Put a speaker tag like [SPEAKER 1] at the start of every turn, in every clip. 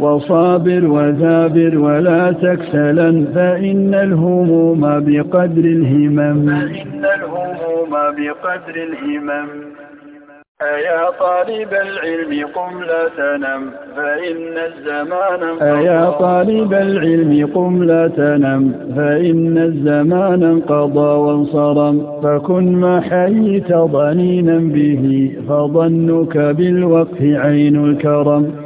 [SPEAKER 1] وصابر وذابر ولا تكسلا فإن الهموم بقدر الهمم فإن الهموم بقدر الهمم أيا طالب العلم قم لا تنم فإن الزمان أيا طالب العلم قم لا تنم فإن الزمان انقضى وانصرم فكن ما حييت ضنينا به فظنك بالوقف عين الكرم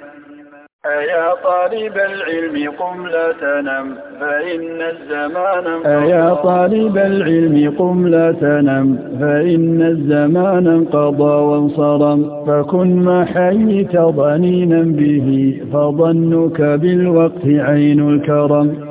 [SPEAKER 1] أيا طالب العلم قم لا تنم فإن الزمان أيا طالب العلم قم لا تنم فإن الزمان انقضى وانصرم فكن ما حييت ظنينا به فظنك بالوقت عين الكرم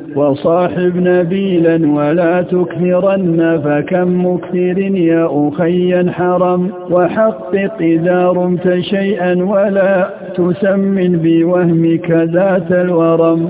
[SPEAKER 1] وصاحب نبيلا ولا تكثرن فكم مكثر يا أخي حرم وحقق إذا رمت شيئا ولا تسمن بوهمك ذات الورم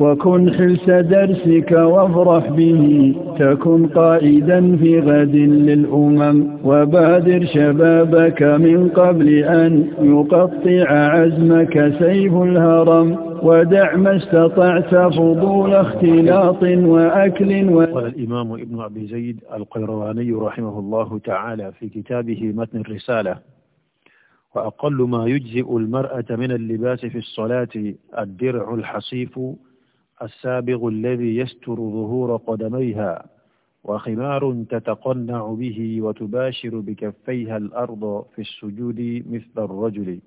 [SPEAKER 1] وكن حلس درسك وافرح به تكن قائدا في غد للأمم وبادر شبابك من قبل أن يقطع عزمك سيف الهرم ودع ما استطعت فضول اختلاط وأكل و... قال الإمام ابن أبي زيد القيرواني رحمه
[SPEAKER 2] الله تعالى في كتابه متن الرسالة وأقل ما يجزئ المرأة من اللباس في الصلاة الدرع الحصيف السابغ الذي يستر ظهور قدميها وخمار تتقنع به وتباشر بكفيها الأرض في السجود مثل الرجل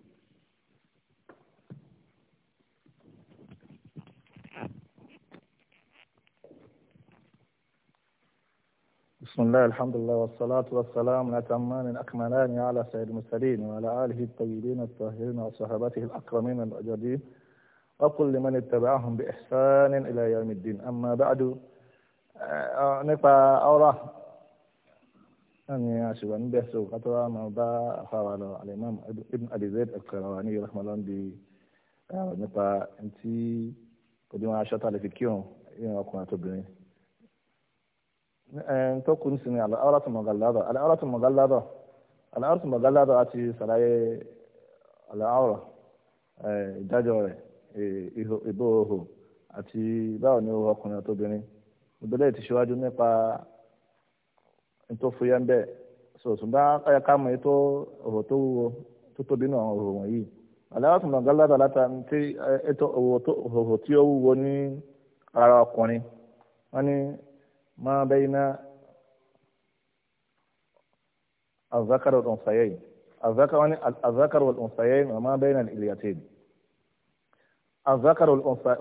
[SPEAKER 2] بسم الله الحمد لله والصلاة والسلام نتمان أكملان على سيد المرسلين وعلى آله الطيبين الطاهرين وصحابته الأكرمين الأجدين وكل من اتبعهم بإحسان إلى يوم الدين أما بعد آه، آه، نقطة أورا أني أشوى نبهسو قطرة مرضى أخوانا الإمام ابن أبي زيد القرواني رحمه الله بي آه، نقطة أنتي قد إيه ما أشتا لفكيون إنه أكون أتبعي نتو كون سنة على أورا تمغلادة على أورا تمغلادة على أورا تمغلادة أتي سلاي على أورا إيه دجوري ìbò òhò àti báwo ni òhò ọkùnrin àtòbìnrin ìbílẹ̀ ti ṣíwájú nípa tó ń bẹ̀ sọ̀tún bá káyà ká ètò òhò tó wúwo tó tóbi náà òhò wọ̀nyí aláwọ̀sùn náà gálábà láta tí ètò òhò tí ó wúwo ní ara ọkùnrin wọ́n ní máa bẹ́yìn náà azakar wal unsayayn azakar wani azakar wal unsayayn wa ma bayna al ilyatain الذكر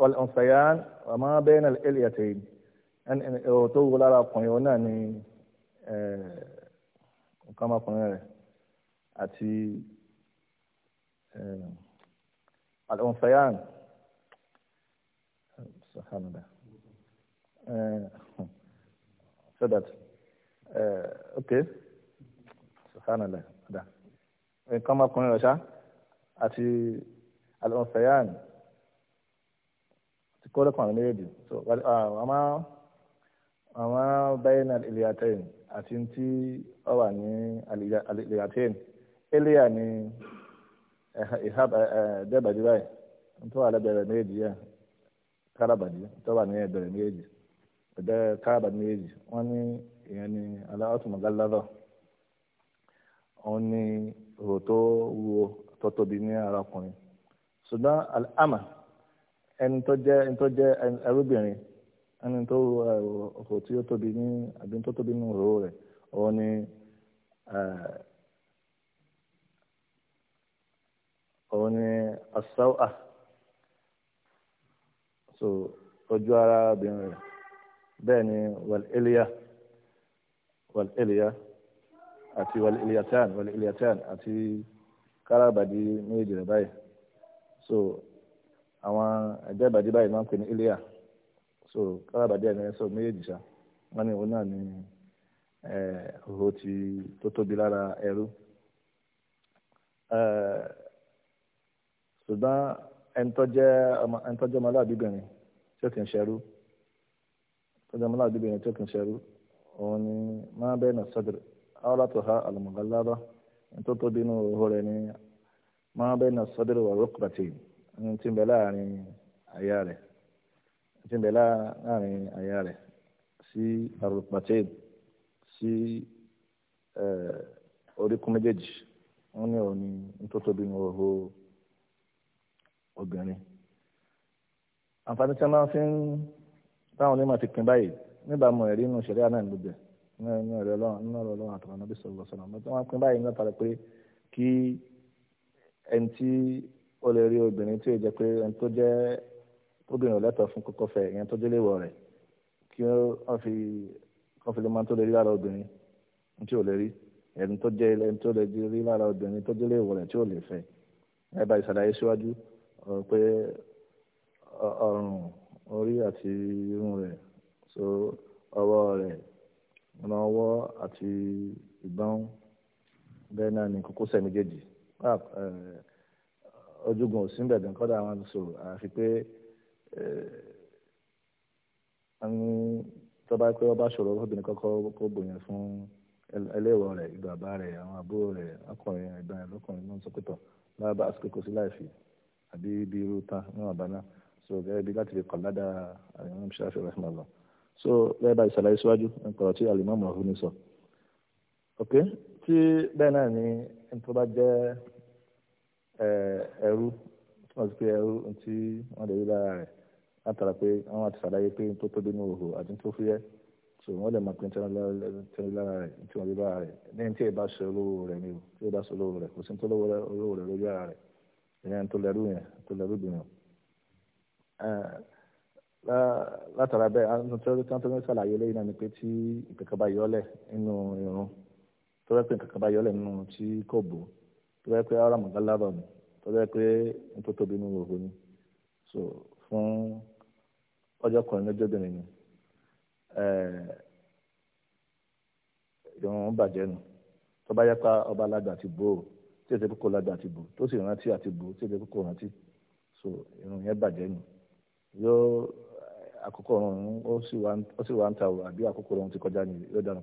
[SPEAKER 2] والأنثيان وما بين الإليتين أن أوتو ولا أقويون أني آه، كما قلنا أتي آه، الأنثيان سبحان الله آه، سدد أوكي سبحان الله إيه، كما قلنا أتي الأنثيان kọ́lọ́kan àwọn méjèèjì so àmọ́ àmọ́ bẹ́ẹ̀ ní alìyàtẹ́yìn àti tí ni wà ní alìyàtẹ́yìn eléyà ní dẹ́bàdì báyìí tó wà lẹ́bẹ̀rẹ̀ méjèèjì yẹn kárabàdì tó wà ntọala ẹ̀bẹ̀rẹ̀ méjèèjì ẹ̀bẹ̀ kárabàdì méjèèjì wọ́n ní ìyẹn ní aláwọ̀túnmọ̀gáládọ̀ òun ní òrò tó wuo tó tóbi ẹni tó jẹ́ ẹni tó jẹ́ ẹrúbìnrin ẹni tó òfò tí ó tóbi ní àbí tó tóbi nínú òróró rẹ̀ òun ni òun ni asáwà so ojú ara obìnrin rẹ̀ bẹ́ẹ̀ ni wàl eliya wàl eliya àti wàl eliyatan wàl eliyatan àti káràbàdì méjì rẹ̀ báyìí so. àwọn ẹ̀dá ìbàdí báyìí máa ń pè ní so kálábàdí ẹ̀ ní sọ sá wọn ní òun náà ní òhò tí tó tóbi lára ẹrú ṣùgbọ́n ẹnitọ́jẹ́ ọmọláàbíbìnrin tí ó kì í ṣẹrú tọ́jú ọmọláàbíbìnrin tí ó kì í ṣẹrú òun ni máa bẹ́ẹ̀ nà sọ́dọ̀ awolatuha alamọ̀gálábà tí ń ayare a àyà rẹ̀ si ń si láàrin àyà rẹ̀ sí arúgbàtẹ́ẹ̀d sí oríkún méjèèjì wọ́n ní tí wọ́n máa fi ń táwọn onímọ̀ ti pin báyìí níbàámu ẹ̀rí inú ìṣẹ̀lẹ̀ náà ló nínú ẹ̀rọ ọlọ́run nínú ọlọ́run àtàwọn ó lè rí obìnrin tí ó jẹ́ pé ẹni tó jẹ́ obìnrin ò lẹ́tọ̀ọ́ fún kókó fẹ́ ìyẹn tó jẹ́ léwọ̀ rẹ̀ kí wọ́n fi wọ́n fi lè máa tó lè rí lára obìnrin tí ò lè rí ẹni tó jẹ́ ẹni tó lè rí lára obìnrin tó jẹ́ léwọ̀ rẹ̀ tí ò lè fẹ́ ẹ bá ìsàlàyé síwájú ọ̀rọ̀ pé ọrùn orí àti irun rẹ̀ so ọwọ́ rẹ̀ ọ̀nà ọwọ́ àti ìbọn bẹ́ẹ̀ náà ni kókósẹ̀ méjèèjì ojúgun òsín bẹ̀dẹ̀ kọ́dà wọn sọ àfi pé ẹni tọ́ba pé ọba ṣòro obìnrin kọ́kọ́ kó bòyàn fún ẹlẹ́wọ̀ rẹ̀ bàbá rẹ̀ àwọn àbúrò rẹ̀ ọkùnrin ẹ̀gbọ́n rẹ̀ lọ́kùnrin náà sọ́kòtọ̀ lábàá àsìkò kò sí láìfi àbí ibi irú tán ní wàbá náà so gẹ́gẹ́ bí láti fi kọ̀ ládàá àyàn ṣáfì rahmanlọ so gẹ́gẹ́ bá ìṣàlàyé síwájú nǹkan tí alimami ọ̀hún ní sọ ok tí bẹ́ẹ̀ náà ni tó bá jẹ́ ẹrú wọ́n ti pé ẹrú tí wọ́n lè rí lára rẹ̀ látara pé wọ́n ti sàlàyé pé tó tóbi ní òhò àti tó fúyẹ́ so wọ́n lè máa pín tẹ́lẹ̀ lára rẹ̀ tí wọ́n lè lára rẹ̀ lẹ́yìn tí ìbá ṣe olówó rẹ̀ ni o tí ìbá ṣe olówó rẹ̀ kò sí tó lówó rẹ̀ lórí ara rẹ̀ ìyẹn tó lẹ́rú yẹn tó lẹ́rú bìnrin látara bẹ́ẹ̀ nítorí tí wọ́n tó ń ṣàlàyé lẹ́yìn náà ni pé tí ìkẹ̀kẹ́ bá yọlẹ̀ nínú irun tó rẹ́ pé ìkẹ̀kẹ́ bá yọlẹ̀ nínú tí kò bò ó tó a pé ara mọ̀gálábà ni tó bá yẹ pé nítorí tóbi nínú òhun ọjọ́ kan lọ́jọ́ ni bàjẹ́ nu yẹ ọba aládùn àti bò ó tí èsè kókó aládùn àti bò tó sì rántí àti bò ó tí so yẹn bàjẹ́ nu yóò àkókò ọ̀run ó sì wá ń àbí àkókò ọ̀run ti kọjá ni yóò dànù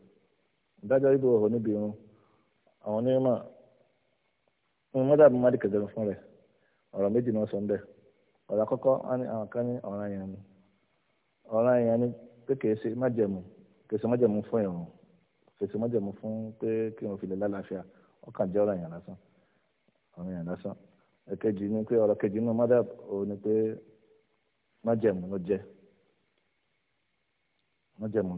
[SPEAKER 2] ìdájọ́ ìbò ọ̀hún níbi irun àwọn onímọ̀ ń mọ́tà bí fún rẹ̀ ọ̀rọ̀ méjì ni sọ ń bẹ̀ ọ̀rọ̀ àkọ́kọ́ àwọn kan ní ọ̀ràn yẹn ni ọ̀ràn yẹn ni pé kìí ṣe májẹ̀mú kìí ṣe májẹ̀mú fún ìrùn kìí ṣe májẹ̀mú fún pé kí fi lè lálàáfíà ọkàn jẹ́ lásán lásán èkejì ni pé ọ̀rọ̀ kejì òun ni pé májẹ̀mú ló jẹ́ májẹ̀mú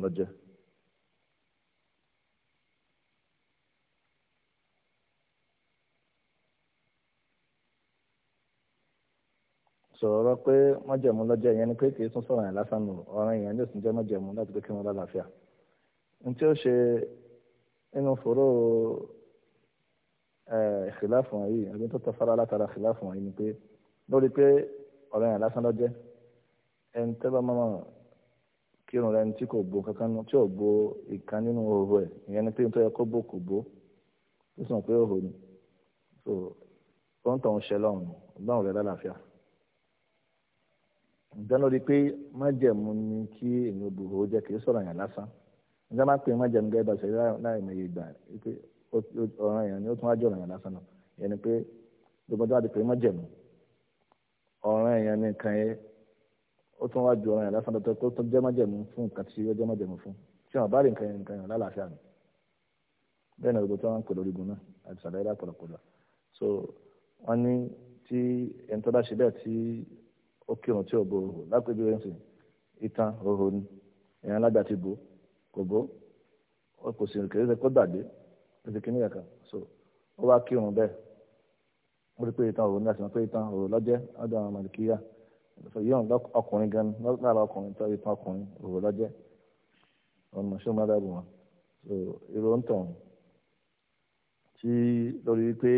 [SPEAKER 2] sọ̀rọ̀ pé májẹ̀mú lọ́jọ́ ìyẹn ni pé kì í tún sọ̀rọ̀ yẹn lásán nù ọ̀ràn ìyẹn ló sì jẹ́ májẹ̀mú láti pé kí wọ́n lálàáfíà ní tí ó ṣe nínú fòró ìkìláàfù wọ̀nyí ẹ̀mí tó tọ́fara látara ìkìláàfù wọ̀nyí ni pé lórí pé ọ̀rọ̀ yẹn lásán lọ́jẹ́ ẹni tẹ́ bá máa kírun rẹ tí kò bo kankan tí ò bo ìkan nínú òhò ẹ̀ ìyẹn ni pé nítorí kó bo kò bo ó sì mọ̀ pé òhò ni so ó ń tọ̀ ń ṣẹlọ́run ọgbọ́n rẹ̀ lálàáfíà ǹjẹ́ lórí pé májẹ̀mú ni kí èèyàn bùrọ̀ ó jẹ́ kí ó sọ̀rọ̀ yàn lásán ǹjẹ́ máa ń pè májẹ̀mú gẹ́gẹ́ bá ṣe láì mẹ́yẹ ìgbà pé ọ̀ràn yàn ni ó tún wá jẹ́ ọ̀ràn yàn lásán náà ìyẹn ni pé gbogbo tó wá di pé májẹ̀mú ọ̀ràn yàn ni nǹkan yẹn ó tún wá ju ọ̀ràn yàn lásán tó tó jẹ́ májẹ̀mú fún nǹkan tí ó jẹ́ májẹ̀mú fún tí wọn bá rí nǹkan yẹn nǹkan yẹn lálàáfíà ni bẹ́ẹ̀ ni gbogbo tí wọ́n ń pè lórí gun náà àti sàlẹ̀ ìdá pọ̀lọpọ̀lọ so wọ́n ní tí ẹni tó bá ṣe bẹ́ẹ̀ tí ó kírun tí ò òhò lápẹjù rẹ ń òhò ni alága ti bò kò bò ó kò sì kéré sẹ kó so ó wá kírun bẹ́ẹ̀ ó rí pé itan òhò ní àsìmọ́ pé itan òhò lọ́jẹ́ ọ̀dọ̀ àwọn màlìkíyà yíyan ọkùnrin gan lára ọkùnrin tó itan ọkùnrin òhò lọ́jẹ́ ọ̀nà mọ̀ṣẹ́ mọ́tà bù wọn so irú ń tàn tí lórí pé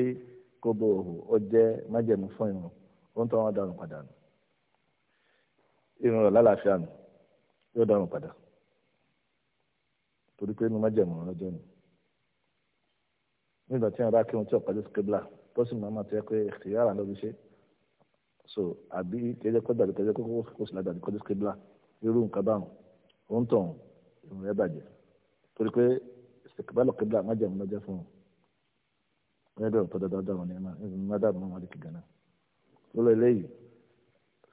[SPEAKER 2] kó òhò ó fún ìrùn ó ń tàn wọn dànù padà nù. irun rẹ̀ lálàáfíà nù yóò dárun padà torí pé inú májèmọ̀ ọlọ́jọ́ ni nígbà tí wọn bá kírun tí ọ̀pá jésù kébìlà tó sì máa máa tẹ́ pé ìyára ló ṣe so àbí kẹjẹ kó dàbí kẹjẹ kó sì ládàbí kó jésù kébìlà irú nǹkan báwọn ó ń tàn irun rẹ̀ bàjẹ́ torí pé ìsèkébàlọ̀ kébìlà májèmọ̀ ọlọ́jọ́ fún un wọ́n yẹ dáadáa dáwọn ní ẹ̀ máa ń má dàbí wọn wọn lè kí gan eléyìí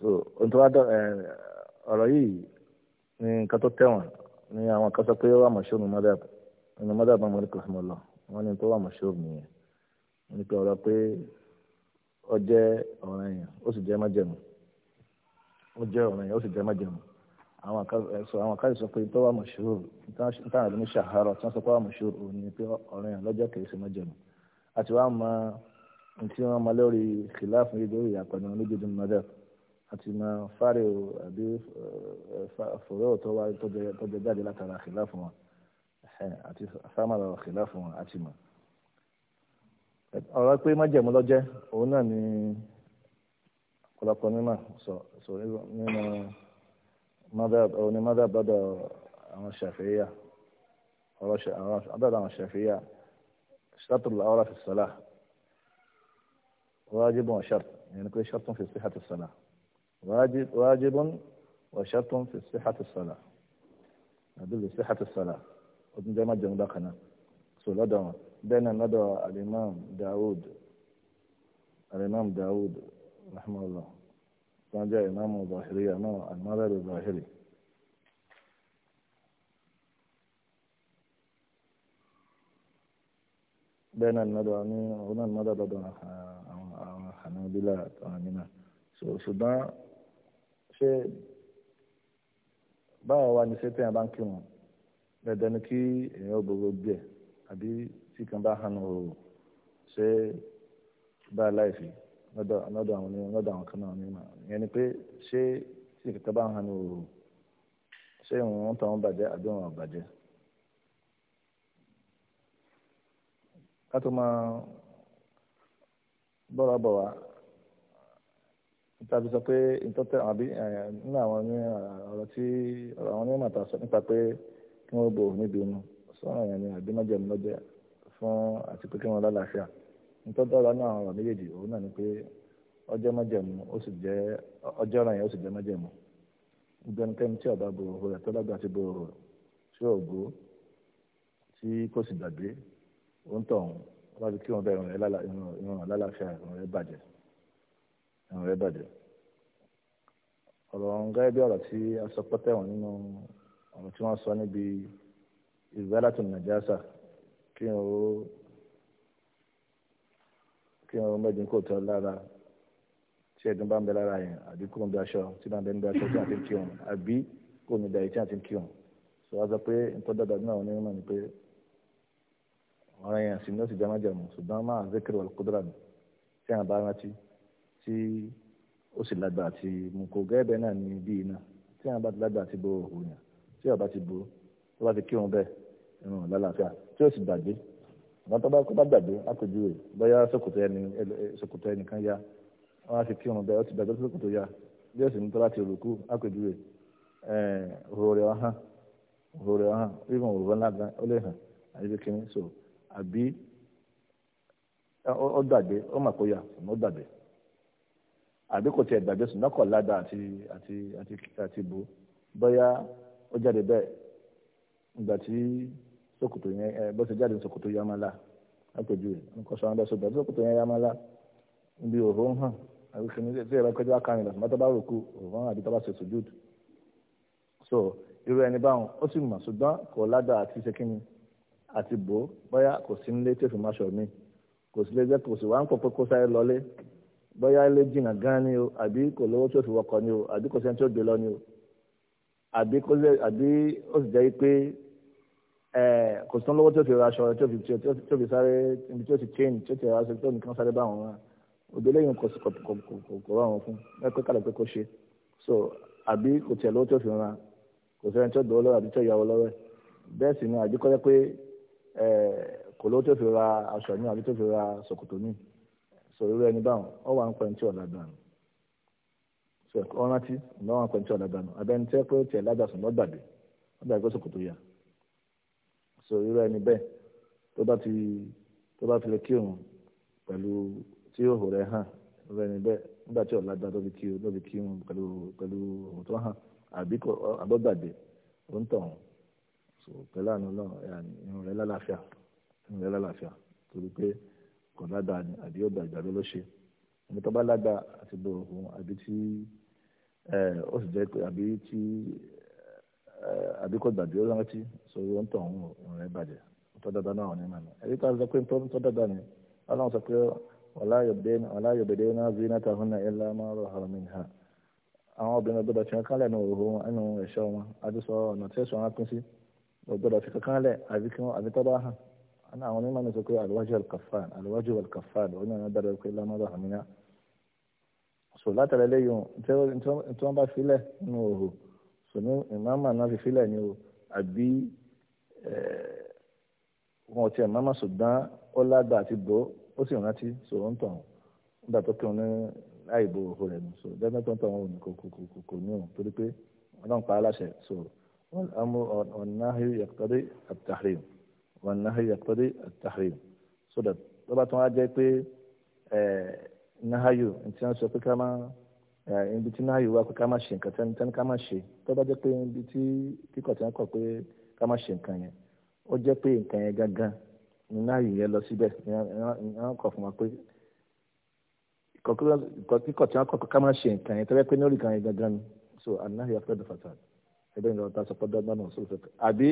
[SPEAKER 2] so ntọ́wádọ́ ọ̀rọ̀ yìí ni nǹkan tó tẹ̀wọ̀n ní àwọn kan sọ pé ó wà n'i ní mọ́dà ní mọ́dà bá mọ́rí kọ́sí mọ́ lọ ni ní tó pe mọ̀ṣọ́ nìyẹn wọ́n o si ọ̀rọ̀ pé ó jẹ́ ọ̀ràn o ó sì jẹ́ májẹ̀mú ó jẹ́ ọ̀ràn yẹn ó pe jẹ́ ya àwọn kan sọ pé n'i lórí kìláàfù yìí lórí lójoojúmọ́ àti máa fáre o àbí fòré ò tọ́wá tọ́jọ jáde látara àkìlá fún wọn àti sámàlà àkìlá fún wọn àti mọ̀. ọ̀rọ̀ pé májẹ̀mú lọ́jẹ́ òun náà ni ọ̀pọ̀lọpọ̀ mímọ̀ sọ nínú òun ni mọ́dà bọ́dọ̀ àwọn ṣàfihàn ọ̀rọ̀ àbẹ̀dọ̀ àwọn ṣàfihàn ṣàtúlù ọ̀rọ̀ fi sọ́lá wájú bọ̀ ṣàt ìyẹn ni pé ṣàtún fi sí àti sọ́lá. واجب واجب وشرط في صحة الصلاة أدل صحة الصلاة ابن جماعة جنبقنا سولدوا بين ندوى الإمام داود الإمام داود رحمه الله كان جاء إمام ظاهري إمام المذهب الظاهري بين الندوى هنا المذهب الحنابلة شو شو ṣé báwo wá ní ṣé téèyàn bá ń dandan ni kí èèyàn gbogbo gbẹ àbí tí kan bá ha. bá àwọn àwọn kan náà ìyẹn ni pé ṣé tí kan bá tàbí sọ pé ìtọ́tẹ̀ àbí nínú àwọn ní ọ̀rọ̀ tí ọ̀rọ̀ àwọn onímọ̀ àtàwọn sọ nípa pé kí wọ́n gbòòrò níbi inú sọ́ràn yẹn ni àbí májẹ̀mú lọ́jẹ́ fún àti pé kí wọ́n lálàáfíà nítọ́tẹ̀ ọ̀rọ̀ náà ọ̀rọ̀ méjèèjì òun náà ni pé ọjọ́ májẹ̀mú ó sì jẹ́ ọjọ́ ọ̀ràn yẹn ó sì jẹ́ májẹ̀mú gbẹnikẹ́ni tí ọba gbòòrò rẹ̀ tọ́lágbà ti gbòòrò tí ògbó tí kò sì gbàgbé ó ń tọ̀ ọ̀hún wọ́n ti kí wọ́n bẹ̀rù rẹ̀ lálàáfíà rẹ̀ bàjẹ́ ẹ̀wọ̀n rẹ̀ bàjẹ́ ọ̀rọ̀ gẹ́gẹ́ bí ọ̀rọ̀ tí a sọ pé tẹ̀wọ̀n nínú ọ̀rọ̀ tí wọ́n sọ níbi ìgbàlátò nàjásà kí n ò kí n ò mẹ́jọ kò tọ́ lára tí ẹ̀dùn bá ń bẹ lára yẹn àbí kò ń bẹ aṣọ tí bá ń bẹ ń bẹ aṣọ tí a ti ń kírun àbí kò ní dàí tí a ti ń kírun sọ wá sọ pé nǹkan dáadáa nínú àwọn onímọ̀ ni pé ọ̀rọ̀ yẹn àti ní ó sì jẹ́ májàmú ṣùgbọ́n máa zikiri wal kudra ni tí àwọn bá rántí tí ó sì lágbára àti mú kó gẹ́gẹ́ náà ní bí iná tí àwọn bá ti àti bo òun tí ọba ti bo tó bá ti kírun bẹ́ẹ̀ irun lálàáfíà tí ó sì gbàgbé àwọn tó bá kó bá gbàgbé àpèjú rẹ̀ bóyá ẹni ya á ti kírun bẹ́ẹ̀ ó ti gbàgbé ya bí ó sì ní tó láti òrùkú àpèjú rẹ̀ òhòrè ọ̀hán òhòrè ọ̀hán even òhòrè ńlá ó lè hàn ó gbàgbé ó àbí kò tiẹ̀ gbàgbé sùn lọ́kọ̀ ládàá àti àti àti àti bò bóyá ó jáde bẹ́ẹ̀ ìgbà tí ṣòkòtò yẹn ẹ bó ṣe jáde ṣòkòtò yamala lápèjú rẹ̀ nǹkan sọ àwọn ṣòkòtò ṣòkòtò yẹn yamala níbi òhó ń hàn àbí kí ni tí ẹ̀rọ kọjá kárìn lọ́sùn mọ́tò bá rò kú òhó hàn àbí tó bá ṣe sùjúd so irú ẹni báwọn ó sì mọ̀ ṣùgbọ́n kò ládàá àti ṣe kí ni àti bò bóyá kò sí nílé tí ò bóyá ilé jìnnà gan ni o àbí kò lówó tó fi wọkọ̀ ni o àbí kò sẹ́ni tó gbé lọ ni o àbí kò lè àbí ó sì jẹ́ pé kò sán lówó tó fi ra aṣọ tó fi tó fi sáré ibi tó ti chain tó ti ra aṣọ tó nìkan sáré bá wọn òde lẹ́yìn kò kò kò kò rọrùn fún ẹ pé kálọ̀ pé kò ṣe so àbí kò tiẹ̀ lówó tó fi ra kò sẹ́ni tó dòwó lọ́wọ́ àbí tó yàwó lọ́wọ́ bẹ́ẹ̀ sì ni àbí kò sọ̀rọ̀ ẹni báwọn ọ wà ń pẹ́ ní tí ọ̀la dànù ọ rántí ọ̀la wà ń pẹ́ ní tí ọ̀la dànù abẹ́ni tẹ́ pé ó tiẹ̀ lágbàsùn lọ́gbàdé lọ́gbàdé gbèsè kò tó yà sọ̀rọ̀ ẹni bẹ́ẹ̀ tó bá ti tó bá ti lè kírun pẹ̀lú tí òhò rẹ̀ hàn ọ̀rọ̀ ẹni bẹ́ẹ̀ nígbà tí ọ̀la dànù lóbi kírun pẹ̀lú pẹ̀lú òhò tó hàn àbí àbọ̀gbàdé ó ń tọ̀hún pẹ̀lú àná náà ìrùn rẹ̀ lálàáfíà ìrùn rẹ̀ lálàáfíà torí pé kò lágbà ni àbí ó gbàgbà ló ló ṣe ẹni tó bá lágbà àti lo oògùn àbí tí ó sì jẹ́ pé àbí tí àbí kò gbàgbé ó rántí sórí ó ń tàn rẹ̀ bàjẹ́ tó dáadáa náà ní màmí ẹni tó sọ pé tó dáadáa ni ọlọ́run sọ pé wala yubdina zinatahunna ma zahara minha àwọn obìnrin gbọ́dọ̀ fi kankan lẹ̀ ní òhò ẹnu ẹ̀ṣọ́ wọn àti ọ̀nà wọn pín sí fi أنا أولي ما نزكي على الوجه الكفان الوجه الكفان وإننا ندر إلا ما ظهر منا sòlá tẹlẹ lẹ́yìn tí wọn bá filẹ nínú òhò sòní ìmáàmà náà fi filẹ ni o àbí wọn ti ìmáàmà ṣùgbọ́n ó lágbà àti bò ó sì rántí sòrò ń tàn nígbà tó kí wọn ní àìbò òhò rẹ nù sò dẹ́gbẹ́ tó ń tàn wọn kò kò kò kò ní òun torí pé ọlọ́run pa á láṣẹ sò ọ̀nà ìyàtọ̀ àtàrí. والنهي يقتضي التحريم sódà tó bá tún wá jẹ́ pé nahayu ntí wọ́n sọ pé ká má ibi tí nahayu wá pé ká má ṣe nǹkan tẹ́ni ká má ṣe tó bá jẹ́ pé ibi tí kíkọ̀ tí wọ́n kọ̀ pé ká má ṣe nǹkan yẹn ó jẹ́ pé nǹkan yẹn gangan ni nahayu yẹn lọ síbẹ̀ wọ́n kọ̀ fún wa pé kíkọ̀ tí kọ̀ pé ká má ṣe nǹkan yẹn tó pé ní orí kan yẹn gangan ni so anahayu afẹ́ dùn ẹgbẹ́ ìlú ọ̀tá sọ pé dandan náà sọ̀rọ̀ sọ̀rọ̀ àbí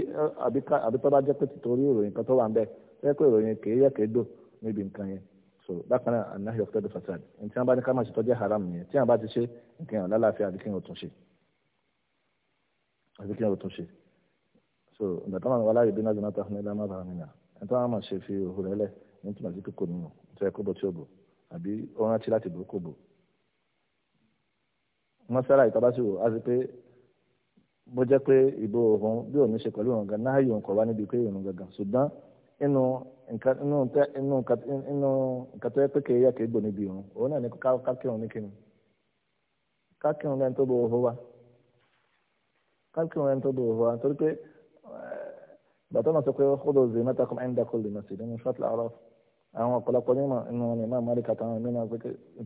[SPEAKER 2] àbí tó bá jẹ́ pé tìtorí ìròyìn kan tó wà ń bẹ̀ ẹ pé ìròyìn kì í yẹ kì í dò níbi nǹkan yẹn so bákan náà anahi of tẹ́lẹ̀ fasad ntí wọn bá ní ká máa ṣe tọ́jú haram nìyẹn tí wọn bá ti ṣe nǹkan yẹn lálàáfíà àbí kí wọn ò tún ṣe àbí kí wọn ò tún ṣe so ìgbà táwọn àwọn aláyè bí náà jẹ́ náà tàfin ní lámà bàrà nìyà ẹni tó wọn máa ṣe fi òhùn rẹ lẹ ní tùmọ̀ sí kíkó nínú tó yẹ kó bọ̀ tí ó bò àbí ó rántí láti bò kó bò. wọ́n sára ìtọ́ bá sì wò á sí pé bó jẹ́ pé ìbò òun bí òun ṣe pẹ̀lú òun gan náà yóò kọ̀ wá níbi pé òun gangan ṣùgbọ́n inú nǹkan inú nǹkan tó yẹ pé kéèyàn kéègbò níbi òun òun náà ní kákírun ní kíni kákírun lẹ́ni tó bo òhó wa kákírun lẹ́ni tó bo òhó wa torí pé eh, bàtọ́ náà sọ pé kódò zè mẹ́ta kọ́ ẹ̀ńdà kó lè nàṣẹ́ nínú ṣọ́tìlá ọ̀rọ̀ àwọn ọ̀pọ̀lọpọ̀ onímọ̀ inú wọn ni máa máa rí kàtà àwọn mímọ̀ pé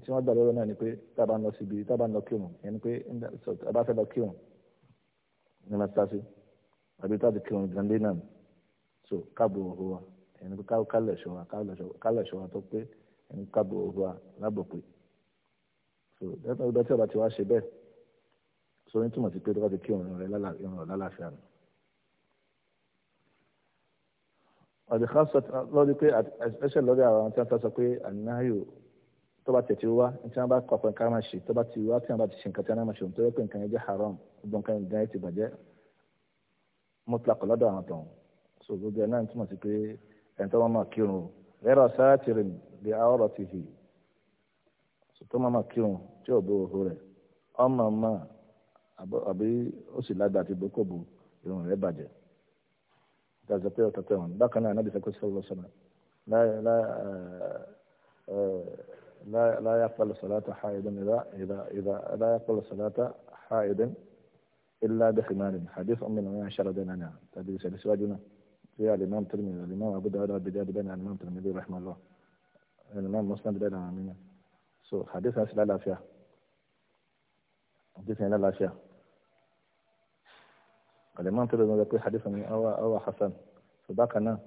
[SPEAKER 2] tí wọ́n gbà lọ́wọ́ náà ni pé tá ń lọ síbi tá ń lọ kírun ẹni pé tá bá fẹ́ lọ kírun ní masasi àbí tá a ti kírun gàndé náà so káàbò òhò wa ẹni kó kálẹ̀ ṣọ́ wa kálẹ̀ ṣọ́ wa tó pé ẹni káàbò òhò wa lábò pé so lẹ́tọ̀ ọdọ tí ọba ti wá ṣe bẹ́ẹ̀ so ní túmọ̀ sí pé tó bá ti kírun rẹ lálàáfíà nù. ọ̀dẹ̀ kan sọ lọ́dún pé ẹ̀ṣẹ̀ lọ́dún àwọn tí wọ́n sọ pé ànínáyò tó bá tẹ̀ tí ó wá tí wọ́n bá kọ́ pé nǹkan máa ṣe tó bá ti wá tí wọ́n bá ti ṣe nǹkan tí wọ́n máa ṣe tó yẹ pé nǹkan yẹn jẹ́ haram gbogbo nǹkan yẹn gan-an ti bàjẹ́ mutlaqan lọ́dọ̀ àwọn tọ̀hún so gbogbo ẹ̀ náà túmọ̀ sí pé ẹni tó máa kírun rẹ́rọ̀ sáàtìrìn bí aọ́rọ̀ ti hì so tó máa kírun tí ò bó oho rẹ̀ ọmọ ọmọ àbí ó sì lágbà àti bó kò bó irun rẹ̀ bàjẹ́ gàzẹ́ bákan náà anábìsẹ́kọ̀ sọ̀rọ̀ sọ̀rọ̀ لا لا يقبل صلاة حائض إذا إذا إذا لا يقبل صلاة حائض إلا بخمار حديث أم من عائشة رضي الله عنها تدريس الأسواجنا فيها الإمام ترمذي الإمام أبو داود والبداية بين الإمام ترمذي رحمه الله الإمام مسلم بداية الإمام سو حديث ناس لا فيها حديث لا لا فيها الإمام ترمذي يقول حديث أو أو حسن فبقى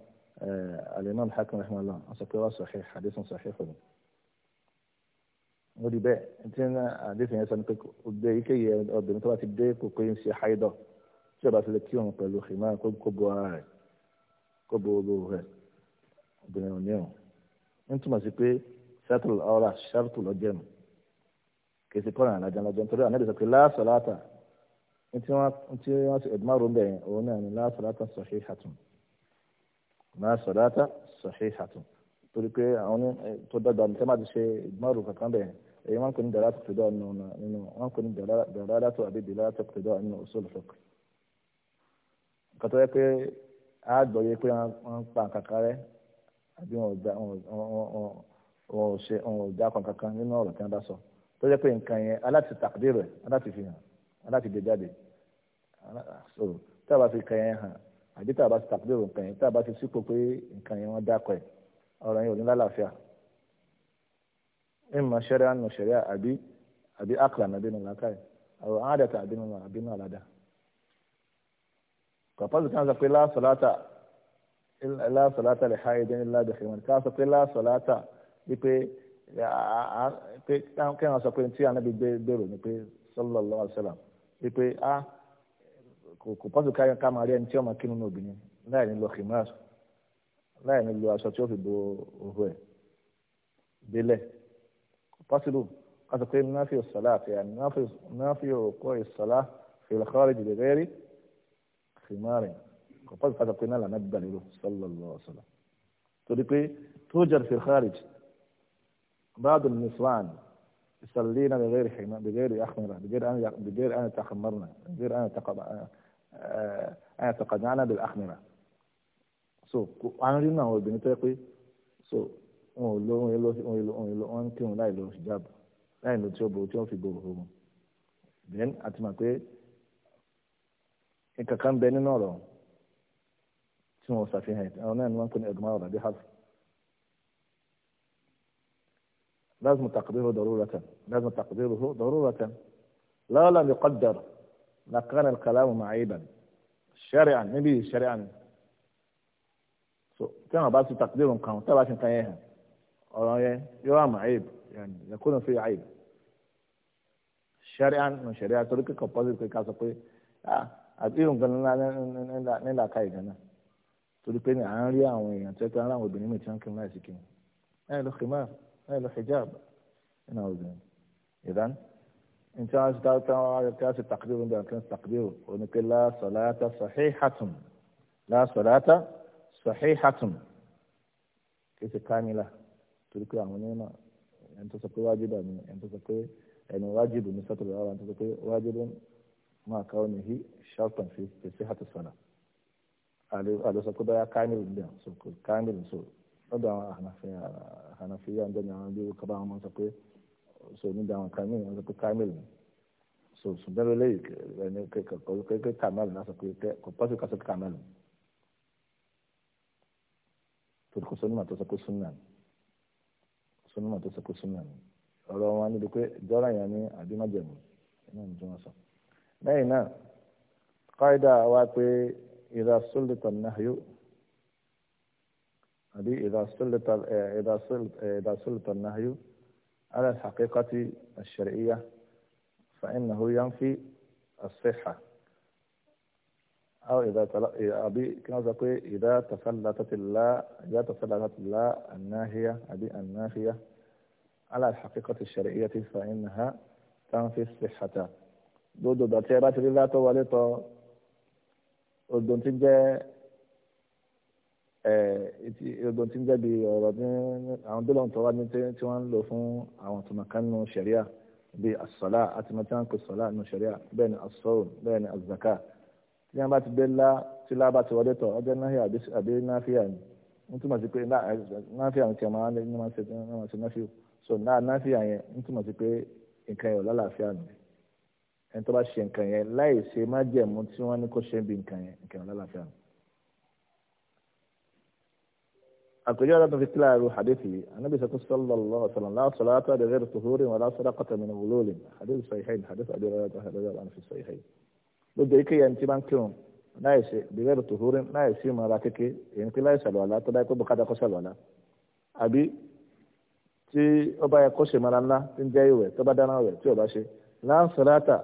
[SPEAKER 2] آه، الإمام الحاكم رحمه الله أصبح صحيح حديث صحيح mo rí bẹ́ẹ̀ tí ń àdéhùn yẹn sọ ni pé ọgbẹ́ ikéyìí obìnrin tó bá ti dé kò pé ń ṣe haidọ̀ tí ọba ti lè kí òun pẹ̀lú ìmọ̀ kó bo ara rẹ̀ kó bo olówó rẹ̀ obìnrin ò ní òun ń túmọ̀ sí pé ṣẹ́tù ọ̀rà ṣẹ́tù lọ́jẹ́ mu kì í ṣe kọ́rin àlájá lọ́jọ́ nítorí àná ìdìsọ́ pé láàṣọ̀láta tí wọ́n ti ẹ̀dùnmá rò ń bẹ̀yẹn òun náà ni láàṣọ̀láta sọ̀hí hàtùn láàṣọ̀láta sọ̀hí hàtùn torí pé àwọn tó dọ́gba ní sẹ́máà ti ṣe ẹ̀dùnmá rò kankan bẹ̀yẹn èyí wọ́n ń pè ní dàlá tòkìtìdọ́ nínú nínú wọ́n ń pè ní dàlá látò àbí dàlá tòkìtìdọ́ nínú usul fiqh kàtọ́ yẹ pé àgbọ̀yé pé wọ́n ń pa kankan rẹ àbí wọn ò ṣe wọn ò dákan kankan nínú ọ̀rọ̀ tí wọ́n bá sọ tó yẹ pé nǹkan yẹn aláti tàkìdí rẹ̀ aláti fi hàn aláti gbé jáde tá a bá fi kàn yẹn hàn àbí tá a bá ti tàkìdí rẹ̀ nǹkan yẹn tá imma shari'an na shari'a abi abi akla na binu na kai aw adata abinu na abinu alada ka fazu kan zakai la salata la salata li haidin illa bi khiman ka sa la salata bi pe pe kan kan sọ pé ti Ànábì gbèrò ni pé sallallahu alaihi wasallam bi pe a kò fazu kan ka ma rí ma kinu no bi ni láì ní lọ khimas láì ní lọ aṣọ tí ó fi bo òhò ẹ̀ قصدوا قد ما نافي الصلاة يعني ما ما نافي وقوع الصلاة في الخارج بغير خمار وقد قد قلنا لنا الدليل صلى الله عليه وسلم تلقي توجد في الخارج بعض النسوان يصلينا بغير حمار بغير أخمرة بغير أن بغير أن تخمرنا بغير أن يتقب آه، آه، أن يتقنعنا بالأخمرة سو أنا جينا هو بنتقي سو wọn ò lo wọn èlò wọn èlò wọn èlò wọn ń kírun láì lo hijab láì lo tí ó bo tí wọn fi bo òhòhò wọn then àti mà pé nǹkankan bẹ nínú ọ̀rọ̀ tí wọn ṣàfihàn àwọn náà ni wọn ń pè ní ẹgbẹmọ ọ̀rọ̀ àbí half لازم تقديره ضرورة لازم تقديره ضرورة لو لم يقدر لكان الكلام معيبا شرعا níbi شرعا so tí wọn bá ti tàkìdérò nǹkan tí wọn bá ti kan yẹn hàn يرام عيب يعني يكون في عيب شريعة من شريعة تلك كبازي في كاسة بي آه أبيهم كنا نلا نلا نلا كاي كنا تلك بني عالية وين تلك أنا وبني متشان كم ناس كين أي له خمار أي له حجاب أنا وزين إذا إن شاء الله تعالى كاسة تقدير عندنا كاسة تقدير ونقول لا صلاة صحيحة لا صلاة صحيحة كيف كاملة لا torí pé àwọn onímọ̀ ẹni tó sọ pé wájú dà mí ẹni tó sọ pé ẹni wájú bù mí sọ́tọ̀ lọ́wọ́ ẹni tó sọ pé wájú bù máa ká ó nìyí ṣọ́ọ̀tàn fi pèsè àti sọ̀nà àlọ́ sọ pé báyà kámìlì ń bẹ̀ so kò kámìlì so lọ́dọ̀ àwọn àhànàfíà ń dẹ́nu àwọn bíi kaba àwọn sọ pé so níbi àwọn kámìlì wọn sọ pé kámìlì so ṣùgbọ́n lélẹ́yìí ẹni kékeré kàmẹ́lì náà súnmọ́ tó sọ pé súnmọ́ ni ọ̀rọ̀ wọn níbi pé jọ́ra yẹn ní àbímájẹ̀mú iná ní tí wọ́n sọ. lẹ́yìn náà kọ́ídà wa pé ìdá sólítọ̀ náà yó àbí ìdá sólítọ̀ náà yó ala al-haqiqati al-shar'iyya fa innahu yanfi as أو إذا تل... أبي كنوز أقول إذا تفلتت الله إذا تفلتت الله الناهية أبي الناهية على الحقيقة الشرعية فإنها تنفي الصحة دودو باتيرات لله توليتو ودونتين جاي ìdùntí ń jẹ́ bí ọ̀rọ̀ ní àwọn tó lọ́n tó wá ní tí wọ́n ń lò fún àwọn tó máa ká nínú ṣẹ̀ríà bíi àṣọlá àti mọ́tí wọ́n ń pè ṣọlá nínú ṣẹ̀ríà bẹ́ẹ̀ ni àṣọ bẹ́ẹ̀ ni àzàkà bí wọn bá ti dé ńlá tí ńlá bá ti wọlé tọ ọjọ náfíà àbí náfíà ni n túmọ̀ sí pé náfíà ti ọmọ wọn ní wọn ṣe náfíà so náfíà yẹn n túmọ̀ sí pé nǹkan yẹn ò lálàáfíà nù ẹni tó bá ṣe nǹkan yẹn láì ṣe má jẹ̀mú tí wọ́n ní kó ṣe ń bi nǹkan yẹn nǹkan yẹn ò lálàáfíà nù. àpèjọ ọ̀dọ́ tó fi kílà ru hadithi anabi sọ́kú sallallahu alaihi wa sallam láwọn sọ̀rọ̀ àtọ́ àdẹ̀rẹ̀ tó hórè wọn láwọn sọ̀rọ̀ àkọ́tà mi ní wúlò lè hadithi sahihain hadithi àdẹ̀rẹ̀ tó hàdẹ̀rẹ̀ àti sahihain lójú ike yẹn tí máa ń kírun láì ṣe bíbẹ́rù tòhórín láì sí ìmọ̀ra kéke èyí pé láì ṣàlùwàlá tó dáa pé bùkátà kó ṣàlùwàlá àbí tí ó bá yẹ kó ṣe mara ńlá tí ń jẹ́ ìwẹ̀ tó bá dáná rẹ̀ tí ò bá ṣe láǹsọ̀láta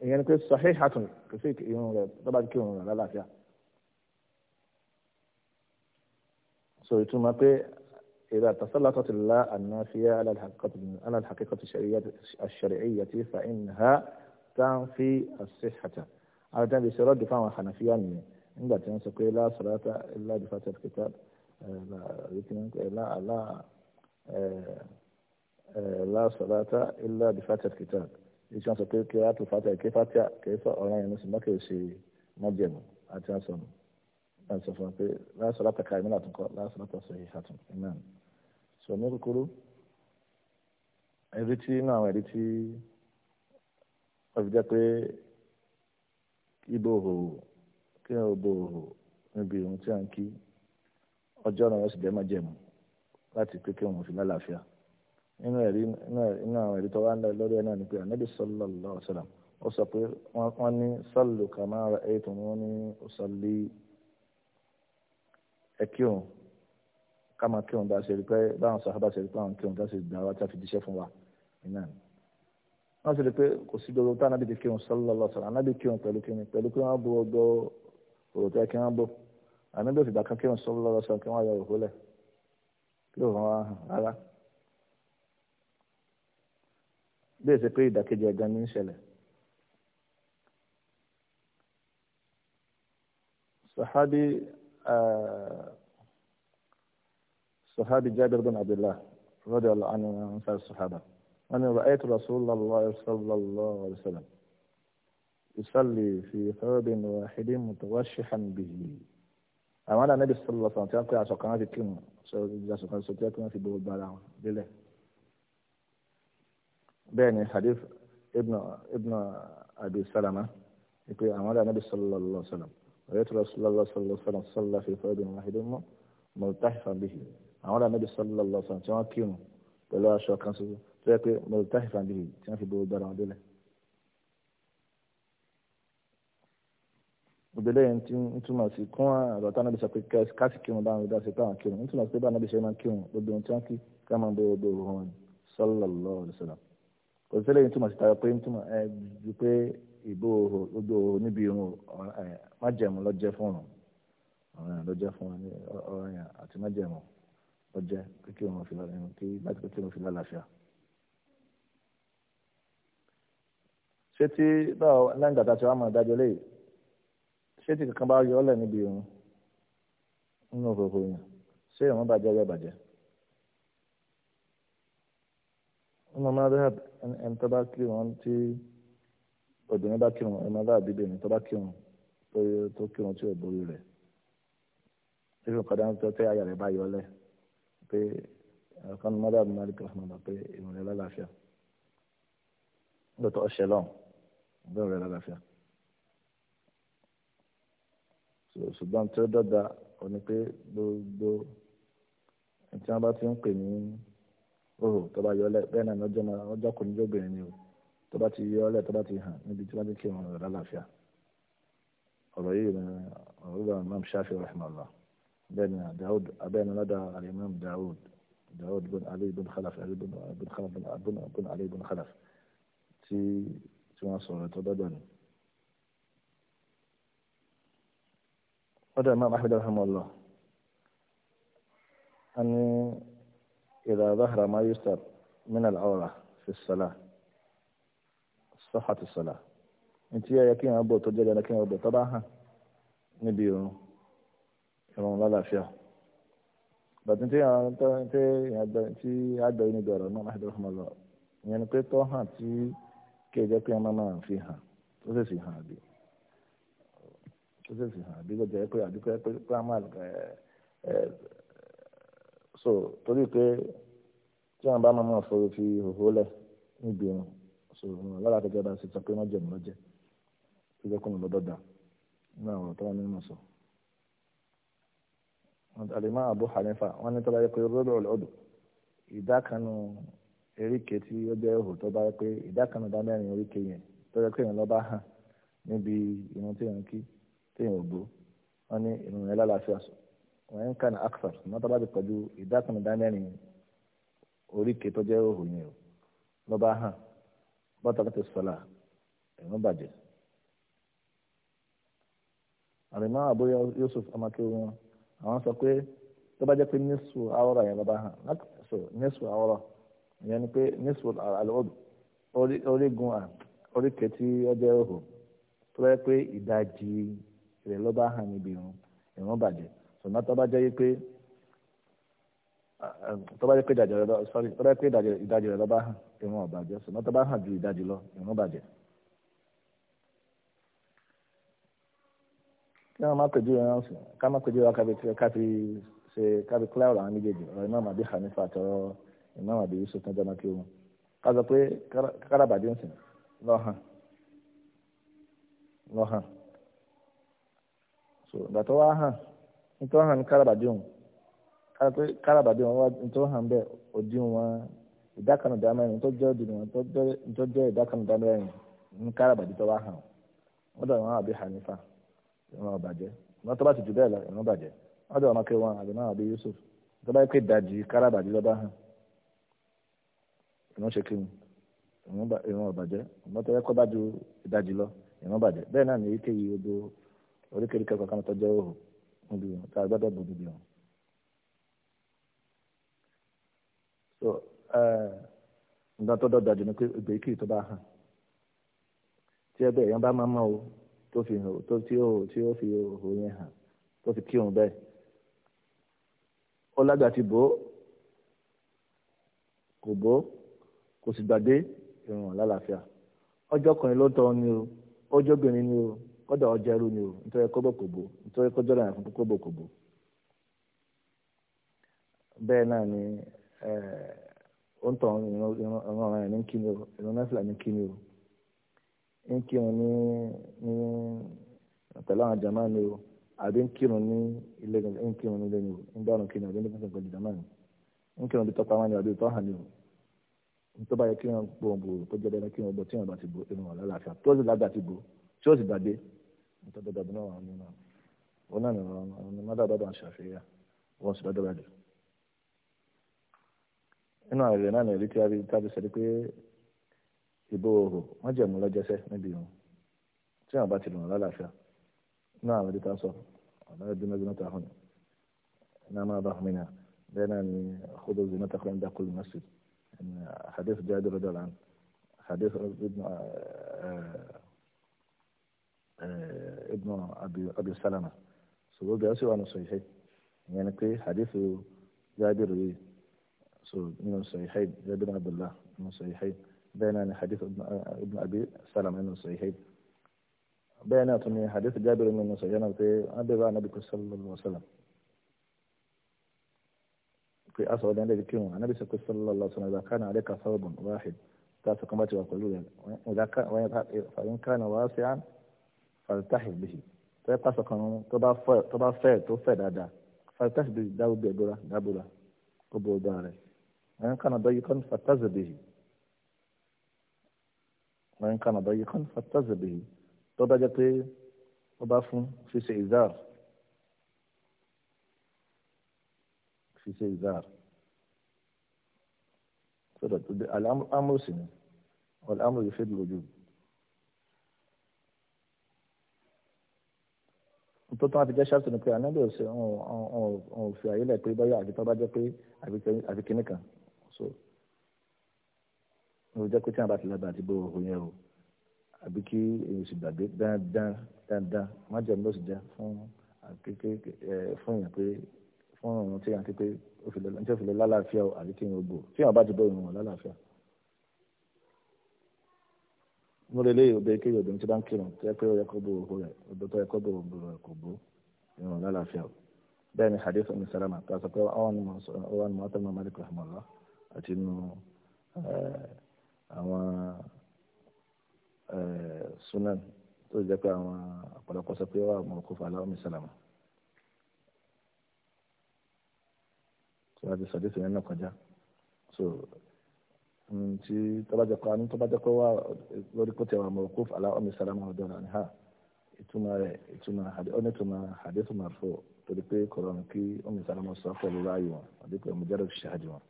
[SPEAKER 2] ìyẹn pé sahihatun kò sí ìrun rẹ̀ tó bá kírun rẹ̀ lálàáfíà. so ìtumọ̀ pé إذا تسلطت الله النافية على الحقيقة على الحقيقة الشرعية الشرعية فإنها تنفي الصحة àwọn ìtàn ìbísí ọlọ́dún fáwọn hànàfíà nìyẹn nígbà tí wọ́n sọ pé la salata illa bi fatil kitab la salata illa bi fatil kitab èyí tí wọ́n sọ pé kí á tó fata kí fata kì í sọ ọ̀ràn yẹn lọ́sùn mọ́kì ṣe mọ́jẹ̀mú àti wọ́n sọ wọ́n sọ fún wa pé la salata kamila tún kọ́ la salata sahihatun iman sọ ní kúkúrú ẹ̀rí tí inú àwọn ẹ̀rí tí wọ́n fi jẹ́ pé ibo òhòhò kí ẹ bo òhòhò níbi ohun tí a ń kí ọjọ́ náà wọ́n sì jẹ́ májẹ̀mú láti pé kí wọ́n fi lálàáfíà nínú ẹ̀rí nínú àwọn ẹ̀rí tó wá ń lọ lórí ẹ̀ ni pé ànábì sallallahu alaihi wasallam ó sọ pé wọ́n ní sallu kama ra'aytumuni usalli ẹ kírun ká máa kírun bá ṣe rí pé báwọn sàhábà ṣe rí pé àwọn kírun bá ṣe gbà wá tá a fi jíṣẹ́ fún wa nínú wọ́n sì rí i pé kò sí dodo tá anábì ti kírun sallallahu sọ̀rọ̀ anábì kírun pẹ̀lú kíni pẹ̀lú kí wọ́n bọ ọgbọ́ òrò tó yẹ kí wọ́n bọ anábì òfìgbà kan kírun sallallahu sọ̀rọ̀ kí wọ́n yọ òkú lẹ̀ kí ló wọ́n rárá. bí èsì pé ìdàkejì ẹ̀gán ní í sahabi sahabi Jabir bin Abdullah radiyallahu anhu ansar sahaba. أنا رأيت رسول الله صلى الله عليه وسلم يصلي في ثوب واحد متوشحا به àwọn àdá nẹ́bí sọ̀rọ̀ lọ́sàn tí wọ́n pé aṣọ kan láti kírun sọ̀rọ̀ ìdí aṣọ kan sọ̀tí ẹ̀kọ́ láti gbogbo ara wọn délẹ̀. bẹ́ẹ̀ ni hadith ibn abi salama pé àwọn àdá nẹ́bí sọ̀rọ̀ lọ́sàn ọ̀rẹ́ tó lọ́sọ̀rọ̀ lọ́sọ̀rọ̀ sọ̀rọ̀ fi fọ́ ibn wahid mọ́ mọ̀tàfà bihi àwọn àdá nẹ́bí sọ̀rọ̀ lọ́sàn tí wọ́n kírun pẹ̀lú aṣọ kan sọ̀rọ̀ tó yẹ pé tí wọ́n fi bo gbára wọn délẹ̀. òbílẹ̀ yẹn ti ń túmọ̀ sí kún àrò táwọn ẹbí sọ pé káàsì kírun bá wọn rí dáṣe táwọn kírun ń túmọ̀ sí pé báwọn ẹbí sọ máa kírun gbogbo ohun tí wọ́n kí ká máa bọ gbogbo ohun wọn sallallahu alaihi òbílẹ̀ yẹn túmọ̀ sí tayọ pé ń túmọ̀ ẹ ju pé ìbò gbogbo ohun níbi irun májẹ̀mú lọ́jẹ́ fún ọ̀run ọ̀ràn lọ́jẹ́ fún ọ̀ràn àti májẹ̀mú lọ́jẹ́ kí kírun fi lálàáfíà ṣé tí báwo lẹ́yìn tàtà tí wàá mọ̀ dájọ́ lẹ́yìn ṣé tí kankan bá yọ ọ́ lẹ̀ níbi irun nínú òkòkò yẹn ṣé ìwọ̀n bàjẹ́ ọ̀yọ́ bàjẹ́ nínú mọ́nàdọ́hà ẹni tó bá kí wọn tí obìnrin bá kí wọn ẹni mọ́nàdọ́hà bíbí ẹni tó bá kí wọn tó kí wọn tí ò borí rẹ̀ irú nǹkan dáhùn tó tẹ́ ayà rẹ̀ bá yọ ọ́ lẹ̀ pé ọ̀kan mọ́nàdọ́hà bí mọ́nàdọ́hà pé ìrùn rẹ̀ lálàáfíà lọ́tọ̀ ọ̀ṣẹ́ lọ́hùn bẹ́ẹ̀ rẹ̀ lálàáfíà ṣùgbọ́n tí ó dọ́gba ò ní pé gbogbo tí wọ́n bá ti ń pè ní òhò tó bá yọlẹ̀ bẹ́ẹ̀ náà lọ́jọ́ máa ọjọ́ kò ní jó obìnrin ni o tó bá ti yọlẹ̀ tó bá ti hàn níbi tí wọ́n ti kírun rẹ̀ lálàáfíà ọ̀rọ̀ yìí ni ọ̀rọ̀ imam shafi rahimahullah bẹ́ẹ̀ ni daoud abẹ́ẹ̀ni lọ́dọ̀ alimam daoud daoud bin ali bin khalaf ali bin khalaf bin ali bin khalaf ti tí wọ́n sọ̀rọ̀ ẹ̀tọ́ dọ́dọ̀ ni. ọ̀dọ̀ imam ahmed rahimahullah a ní ìlà zahra ma yusuf min al-awra fi sala sahati sala ntí yẹ kí wọn bọ tó jẹ dandan kí wọn bọ tó bá hàn níbi irun irun lálàáfíà bàtí tí àwọn tí àgbẹ̀ níbi ọ̀rọ̀ náà ahmed rahimahullah ìyẹn ni pé tó hàn tí. kí ẹ jẹ́ ma ọmọ fi hàn ó sì sì hàn àbí ó sì sì hàn so torí pé tí wọn so fi hòhò lẹ so lọ́la kẹjọ bá ṣe sọ pé wọ́n jẹ̀ mọ́ lọ́jẹ́ kí ẹ jẹ́ kó mi lọ́dọ̀ dà nínú wọn ní tọ́lá erike ti ó jẹ́ òhò tó bá yẹ pé ìdá kan ìdá mẹ́rin oríkè yẹn tó yẹ pé èèyàn lọ hàn níbi irun tí èèyàn kí tí èèyàn ò gbó wọn ní irun rẹ̀ lálàáfíà sọ wọn ń kàn aksar wọn tó bá ti pẹ̀lú ìdá kan oríkè tó yẹn o lọ hàn bọ́tà láti sọ̀là ẹ̀wọ̀n ìyẹn ni pé nísò àlọ́ọ̀dù orígun oríkèé tí ó jẹ́ òhò tó bá yẹ pé ìdajì rẹ̀ ló bá hàn níbi irun irun bàjẹ́ ṣùgbọ́n tó bá jẹ́ yí pé tó bá yẹ pé ìdajì rẹ̀ lọ sọ́rí tó bá yẹ pé ìdajì rẹ̀ lọ bá hàn irun ọ̀bàjẹ́ ṣùgbọ́n tó bá hàn ju ìdajì lọ irun bàjẹ́. kí wọ́n má pèjú rẹ̀ ránṣẹ́ ká má pèjú rẹ̀ káfi ṣe káfi kílẹ̀ ọ̀rọ̀ àwọn méjèèjì ọ̀rọ̀ iná màbí hànífà tọrọ. imam abi yusuf na jama'a kiwo ká sọ pé kárabàdé ń sìn so ìgbà wa ha hàn nítorí hàn ní kárabàdé òun kára pé kárabàdé òun wá nítorí hàn bẹ́ẹ̀ òdi wọn ìdá kan ìdá mẹ́rin tó jẹ́ òdi wọn tó jẹ́ ìdá kan ìdá mẹ́rin ní kárabàdé tó wá hàn wọ́n dọ̀ wọn àbí hanifa ti ìran ṣe kírun ìran ọ̀bàjẹ́ ìran tó bá ju ìdajì lọ ìran bàjẹ́ bẹ́ẹ̀ náà ní èyíkéyìí odò oríkèéríkèé kankan tó jẹ́ òhò níbi wọn tá a gbọ́dọ̀ bò níbi wọn. so eh, ǹdà tó dọ̀dọ̀ jù ni pé tó bá hàn tí ẹ bẹ́ẹ̀ bá máa o tó fi hàn tí ó tí ó fi òhò yẹn hàn tó fi bẹ́ẹ̀ ó lágbàá ti bò kò sì gbàgbé ìrùn lálàáfíà ọjọ́ kan lọ́tọ̀ ni o ọjọ́ obìnrin ni o kọ́dà ọjà ẹrú ni o nítorí kọ́bọ̀ kò bò nítorí kọ́jọ́ kọ́bọ̀ kò ni ó ń tọ̀ ọ̀ràn ẹ̀ ní ni o ni o ń àbí ń ni ń kírun bí ni àbí ni tó bá yẹ kí wọn bò bò tó jẹ dandan kí wọn bò tí wọn bá ti bò inú wọn lálàáfíà tó sì lágbà ti bò tí ó sì gbàgbé nítorí dandan bí náà wà nínú wọn náà nìyẹn wọn ní mọdà dọdọ àṣàfihàn wọn sì dọdọ rẹ inú àwọn èrè náà ní èrí tí a rí tábí sọ pé ìbò òhò wọn jẹ mú lọjọsẹ níbi wọn tí wọn bá ti lò wọn lálàáfíà inú àwọn èrè tá a sọ ọ̀nà ìdúnadúnà tá a hàn ní àmọ́ àbáhùn mi náà bẹ́ẹ̀ náà ni ọkọ̀ إن حديث جابر رضي الله عنه حديث ابن آه، آه، ابن أبي أبي سلمة سو سو انا صحيح يعني كي حديث جابر رضي سو من صحيح جابر بن عبد الله من الصحيحين بين يعني حديث ابن آه، ابن أبي سلمة انه صحيح بيناتني يعني حديث جابر من الصحيحين أبي أبي صلى الله عليه وسلم pé aṣọ ọdẹ ẹlẹ́bi kí wọn anábì sọ̀kè sọ́lọ́ lọ sọ̀rọ̀ ìdá kánà alẹ́ kàfà ọ̀bùn wáhid tá a sọ kán bá ti wà pẹ̀lú rẹ̀ fàyín kánà wá sí án fàlítàhì bìhì tó yẹ pàṣọ kan tó bá fẹ́ tó fẹ́ dáadáa fàlítàhì bìhì dáwó bí ẹgbẹ́ra dábòra kó bo ọgbà rẹ̀ fàyín kánà bẹ́yì kan fàtàzì bìhì fàyín kánà bẹ́yì kan fàtàzì bìhì tó bá jẹ́ pé ó bá fún ṣíṣe ìzáàrù fi ṣe ìzáàr sọ́dọ̀ tó dé alámúrò sí ni alámúrò yìí fẹ́ lójú. tó tán àti jẹ́ ṣáàtì ni pé ànábẹ́ ò ṣe ọ̀hún fi àyè lẹ̀ pé báyà àbí tó bá jẹ́ pé àbí kìnnì kan so ó jẹ́ pé tí wọ́n bá ti lábẹ́ àti bó ohun yẹn o àbí kí èyí sì gbàgbé dáadáa dáadáa má jẹ́ ló sì jẹ́ fún àkékè fún yẹn pé fún òun tí a ti pé tí lálàáfíà o àbí kí n gbò tí àwọn bá ti bọ́ ìrùn wọn lálàáfíà. mo lè léyìí obìnrin kéyìí obìnrin tí bá ń kírun tó yẹ pé ó yẹ kó bo òhò rẹ odò tó yẹ kó bo òhò rẹ kò bó ìrùn lálàáfíà o. bẹ́ẹ̀ ni hadith omi salama tó a sọ pé ọwọ́n ni mo tẹ́ mọ́ malik rahmanlá àti inú eh, àwọn eh, sunan tó jẹ́ pé àwọn ọ̀pọ̀lọpọ̀ sọ pé wà á mọ̀ fà tí wọ́n ti sọ̀dí sí yẹn kọjá so um, tí tọ́bajẹ́kọ́ ní tọ́bajẹ́kọ́ wá lórí kó tẹ̀wà mọ̀ kó fàlà ọmọ ìsàlámà ọ̀dọ́ rà ní ha ìtumọ̀ rẹ̀ ìtumọ̀ ọ̀nẹ́tumọ̀ hadith marfu torí pé kọ̀rọ̀nù kí ọmọ ìsàlámà sọ pẹ̀lú ráàyè wọn àdínkù ẹ̀mọ̀jẹ́rẹ̀ ṣáàjì wọn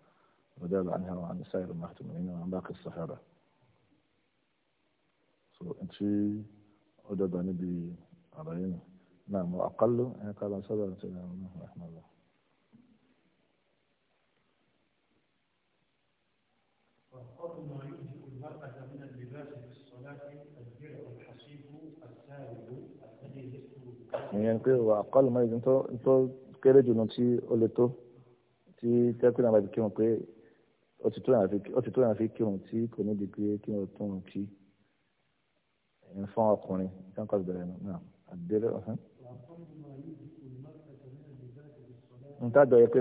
[SPEAKER 2] ọ̀dọ́ rà ní wọn àníṣà ìrù màtìmọ̀ nínú wọn bá kì í sọ̀hárà so ntí ọdọdọ níbi àbáyé náà mọ àkálù ẹ̀ka lọ sọ́dọ̀ àti ẹ̀rọ náà ìyẹn pé wà kọ́lù mọ́ ìdún tó kéré jùlọ tí ó le tó tí tẹ́kùn náà bá fi kírun pé ó ti tó yàn fi kírun tí kò ní di pé kí wọ́n tún un kí ìyẹn fún ọkùnrin ìyẹn kọ́ ìbẹ̀rẹ̀ náà àdéhùn ọ̀hún. ntájọ yẹ pé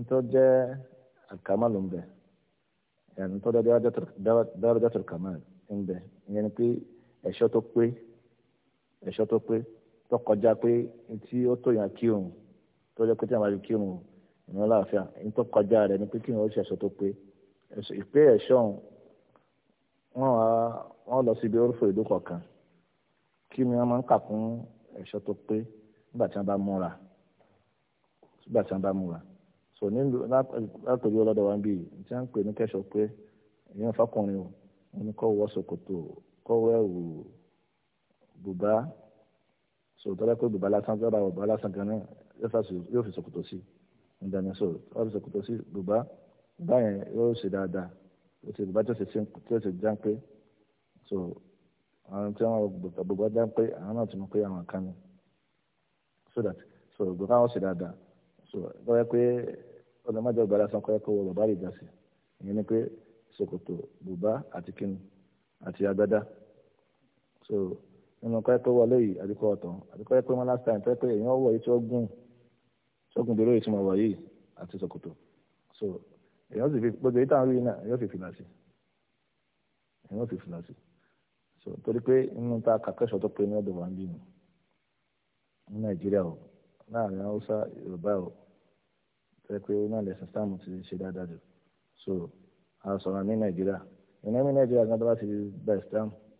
[SPEAKER 2] ntọ́ jẹ́ àkàmálù ń bẹ̀ ntọ́ jẹ́ dáwọ́jọ́tò kàmálù ń bẹ̀ ìyẹn ni pé ẹ̀ṣọ́ tó pé ẹ̀ṣọ́ tó pé tó kọjá pé tí ó tó yàn kírun tó jẹ́ pé tí àwọn àti kírun ìran láàfíà ní tó rẹ̀ ni pé kírun ó ṣe ẹ̀ṣọ́ tó pé ìpè ẹ̀ṣọ́ wọn wọn lọ síbi orúfò ìlú kọ̀ọ̀kan kí ni wọ́n máa ń kà fún ẹ̀ṣọ́ tó pé nígbà tí wọ́n bá múra nígbà tí wọ́n bá múra so nílùú látòjú ọlọ́dọ̀ wa ń bì tí wọ́n ń pè ní kẹ́ṣọ́ pé ìyẹn fọkùnrin o wọn ni kọ́ wọ ṣòkòtò kọ́ wọ ẹ̀wù bùbá sọ̀rọ̀ tọ́lá pé bùbá lásán tó bá wọ̀ bùbá lásán gan náà yóò fi ṣòkòtò sí ìdáná sọ̀rọ̀ wọ́n fi ṣòkòtò sí bùbá bùbá yẹn yóò ṣe dáadáa o ti bùbá tí ó ṣe já pé so àwọn tí wọ́n bùbá já pé àwọn náà ti mú pé àwọn kan ni so that so bùbá wọn ṣe dáadáa so lọ́wọ́ pé ọlọ́mọdé bùbá lásán kọ́ ẹ̀kọ́ wọ bàbá rẹ̀ jásí ìyẹn ni pé ṣòkòtò bùbá àti kíni àti agbádá so. nínú kọ́ pé wọlé yìí àdìkọ́ ọtọ àdìkọ́ pé wọ́n last time pé èèyàn wọ̀ yìí tí ó tí ó tí mo so èèyàn sì fi gbogbo èyí táwọn rí náà èèyàn fi fìlà sí èèyàn fi so torí pé inú ta kàkẹ́sọ̀ tó pé ní ọ̀dọ̀ wa ń bí mi ní nàìjíríà o láàrin haúsá yorùbá o tẹ́ pé náà lẹ́sìn sáàmù ti ṣe dáadáa jù so a sọ̀rọ̀ ní nàìjíríà ìnáwó ní nàìjíríà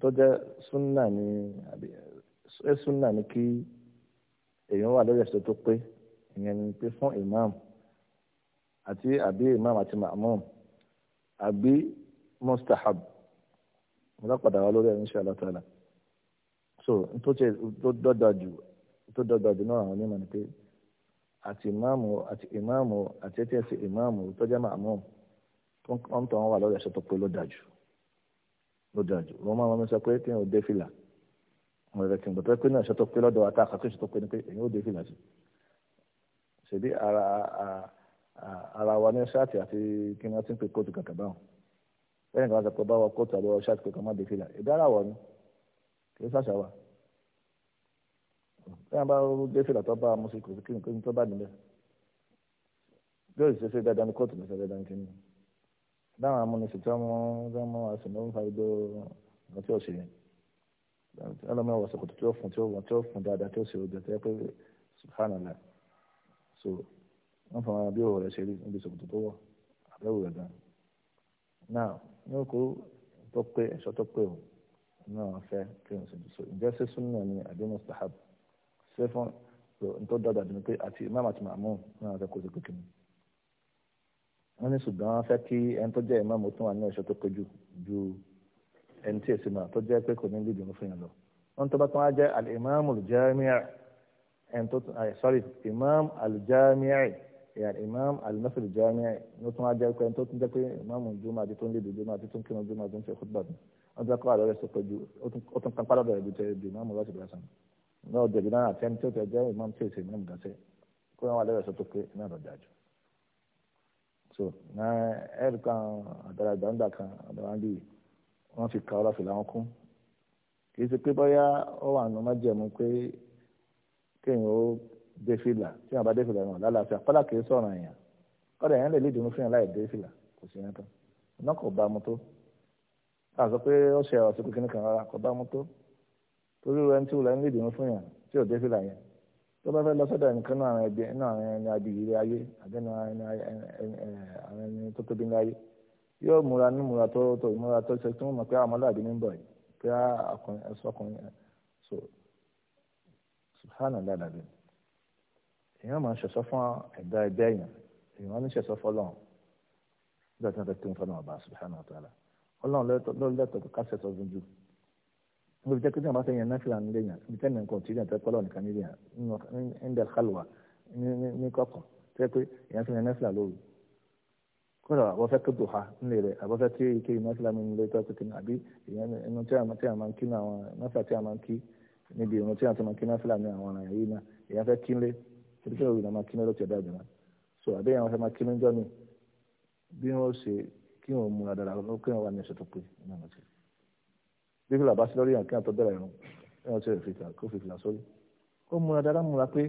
[SPEAKER 2] tó jẹ́ súnà ni àbí súnà ni kí èèyàn wà lórí ẹ̀sẹ̀ tó pé ìyẹn ni pé fún imam àti àbí imam àti àbí mustahab mo wá lórí so tó ṣe tó dọ́gba jù tó dọ́gba jù náà àwọn onímọ̀ ni pé àti ìmáàmù àti ìmáàmù àti ẹtí ẹsẹ̀ ìmáàmù tó jẹ́ màmú tó ń ló dáa jù wọn máa ń sọ pé kí n ò dé fìlà wọn rẹ kí n gbọ́dọ̀ pé náà ṣètò pé lọ́dọ̀ wa tá a kà tó ṣètò pé ni pé èyí ò dé fìlà sí ṣèbí ara ara wa ní ṣáàtì àti kí wọn ti ń pè kóòtù kàkà báwọn lẹ́yìn kan sọ pé báwa kóòtù àbẹ̀wò ṣáàtì pé kàn má dé fìlà ìdára wọ ni kì í ṣàṣà wa tí wọn bá dé fìlà tó bá a mú sí kòsìkì nǹkan tó bá nílẹ̀ yóò ṣe ṣe dandan kóòtù ní ṣe dandan kí ni dáhùn amúnisìn tí wọ́n mú àṣẹ ní wọ́n fa igbó ọ̀nà tí ò sí ọlọ́mọ ẹ̀wọ̀ ṣòkòtò tí ó fún tí ó wọ̀n tí ó fún dáadáa tí ó sì ọjà tẹ́ pé subhanallah so wọ́n fọwọ́n ara bí òwò rẹ̀ ṣe rí níbi ṣòkòtò tó wọ̀ àbẹ̀wò rẹ̀ gan. now ní òkú tó pé ẹ̀ṣọ́ tó pé o náà fẹ́ kí n sì so ǹjẹ́ ṣé súnmọ́ ni àbí mustahab ṣé fún tó dọ́dọ̀ àdínní pé àti imáàmù àti màmú náà fẹ́ kó ṣe kékeré wọ́n ní ṣùgbọ́n wọ́n fẹ́ kí ẹni tó jẹ́ ìmáàmù tún wà ní ẹ̀ṣọ́ tó kojú ju ẹni tí èsì máa tó jẹ́ pé kò ní lè dìbò fún yàn lọ. wọ́n tó bá tún wá jẹ́ al-imam al-jami'i ẹni tó sorry imam al-jami'i ìyá imam al-masjid al-jami'i ló tún wá jẹ́ pé ẹni tó tún jẹ́ pé ìmáàmù jùmọ̀ àti tó ń lè dìbò jùmọ̀ àti tó ń kírun jùmọ̀ àti tó ń ṣe khutbah wọ́n ti kọ́ àlọ́ rẹ̀ sọ kojú ó tún kápá lọ́dọ̀ ẹ̀dùn tẹ̀ ẹ̀dùn ìmáàmù lọ́sì lọ́sàn náà so na ẹ̀rù kan àgbàlagbà ńgbà kan àgbàlagbà wọn fi ka ọlọ́fìlà wọn kún kì í ṣe pé bóyá ó wà nù májẹ̀mú pé kéèyàn ó dé fìlà tí wọn bá dé fìlà náà lálàáfíà kọ́lá kì í sọ̀rọ̀ èèyàn kọ́lá èèyàn lè lédìí mú fìyàn láì dé fìlà kò sí yẹn tán iná kò bá mu tó ká sọ pé ó ṣe ọ̀sẹ̀ kékeré kan rárá kò bá mu tó torí ẹni tí wọn lè lédìí fìyàn tí ò dé fìlà yẹn tó bá fẹ́ lọ sọ́dọ̀ nǹkan náà àwọn ẹbí náà àwọn ẹni abiyire ayé àbẹ́nu àwọn ẹni tó tóbi ní ayé yóò múra ní múra tó tó múra tó ṣe tí wọ́n mọ̀ pé àwọn ọmọláàbí ní bọ̀ yìí pé ọkùnrin ẹ̀sọ́ ọkùnrin so subhanahu wa ta'ala èèyàn máa ń ṣẹ̀ṣọ́ fún ẹ̀dá ẹgbẹ́ èèyàn èèyàn ní ṣẹ̀ṣọ́ fọlọ́run nígbà tí wọ́n fẹ́ tó ń fọ́nà ọba subhanahu ọlọ́run lọ́lẹ́tọ̀ọ́ ká mo fi jẹ́ pé tí wọ́n bá fẹ́ yẹn náfìlà nílé yẹn ibi tẹ́lẹ̀ nǹkan tí yẹn tẹ́ pọ́lọ́ nìkan nílé yẹn ń bẹ kálùwà ní kọ̀kọ̀ tó yẹ pé èèyàn fi yẹn náfìlà lóru kódà wọ́n fẹ́ kéde ha nílé rẹ̀ àbọ̀ fẹ́ tí ike náfìlà mi nílé tó kékeré àbí èèyàn inú tí a máa ń kí ní àwọn náfìlà tí a máa ń kí níbi ìrún tí a máa ń kí náfìlà ní àwọn àyà yìí náà èèyàn fẹ́ kí nílé torí kí so àbí èèyàn fẹ́ máa kí níjọ́ mi bí wọ́n ṣe kí wọ́n ní bí fìlà bá sí lórí yàn kí àtọ́ bẹ̀rẹ̀ irun ẹ̀ ọ́n ti rẹ̀ fìlà kó fi fìlà sórí ó múra dáadáa múra pé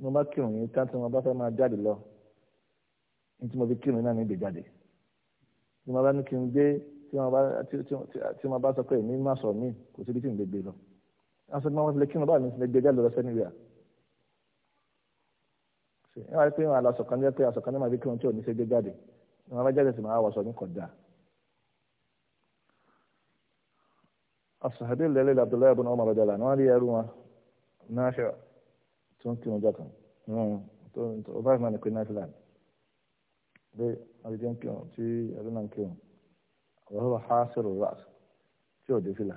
[SPEAKER 2] mo bá kírun yín tán tí mo bá fẹ́ máa jáde lọ ní tí mo fi kírun náà ní ìgbè jáde tí mo bá ní kí n gbé tí mo bá sọ pé èmi má sọ mí kò síbi tí n gbé gbé lọ aṣọ tí mo fi lè kírun báwo ni mo fi lè gbé jáde lọ sẹ́ni rẹ̀ ṣe é wá pé wọn àlọ́ sọ̀kan ní pé àṣọ̀kan ní màá fi kírun tí ò ní ṣe gbé jáde asahabi lẹ́lẹ́ abdullahi ibn umar radiyallahu anhu wọ́n rí ẹrú wọn náṣà tó ń kírun jọ́kan tó bá ìmọ̀ ní pé náṣà lánàá bí àdìjẹ́ ń kírun tí ẹrú náà ń kírun wọ́n wọ́n há sírò ras tí ò dé fìlà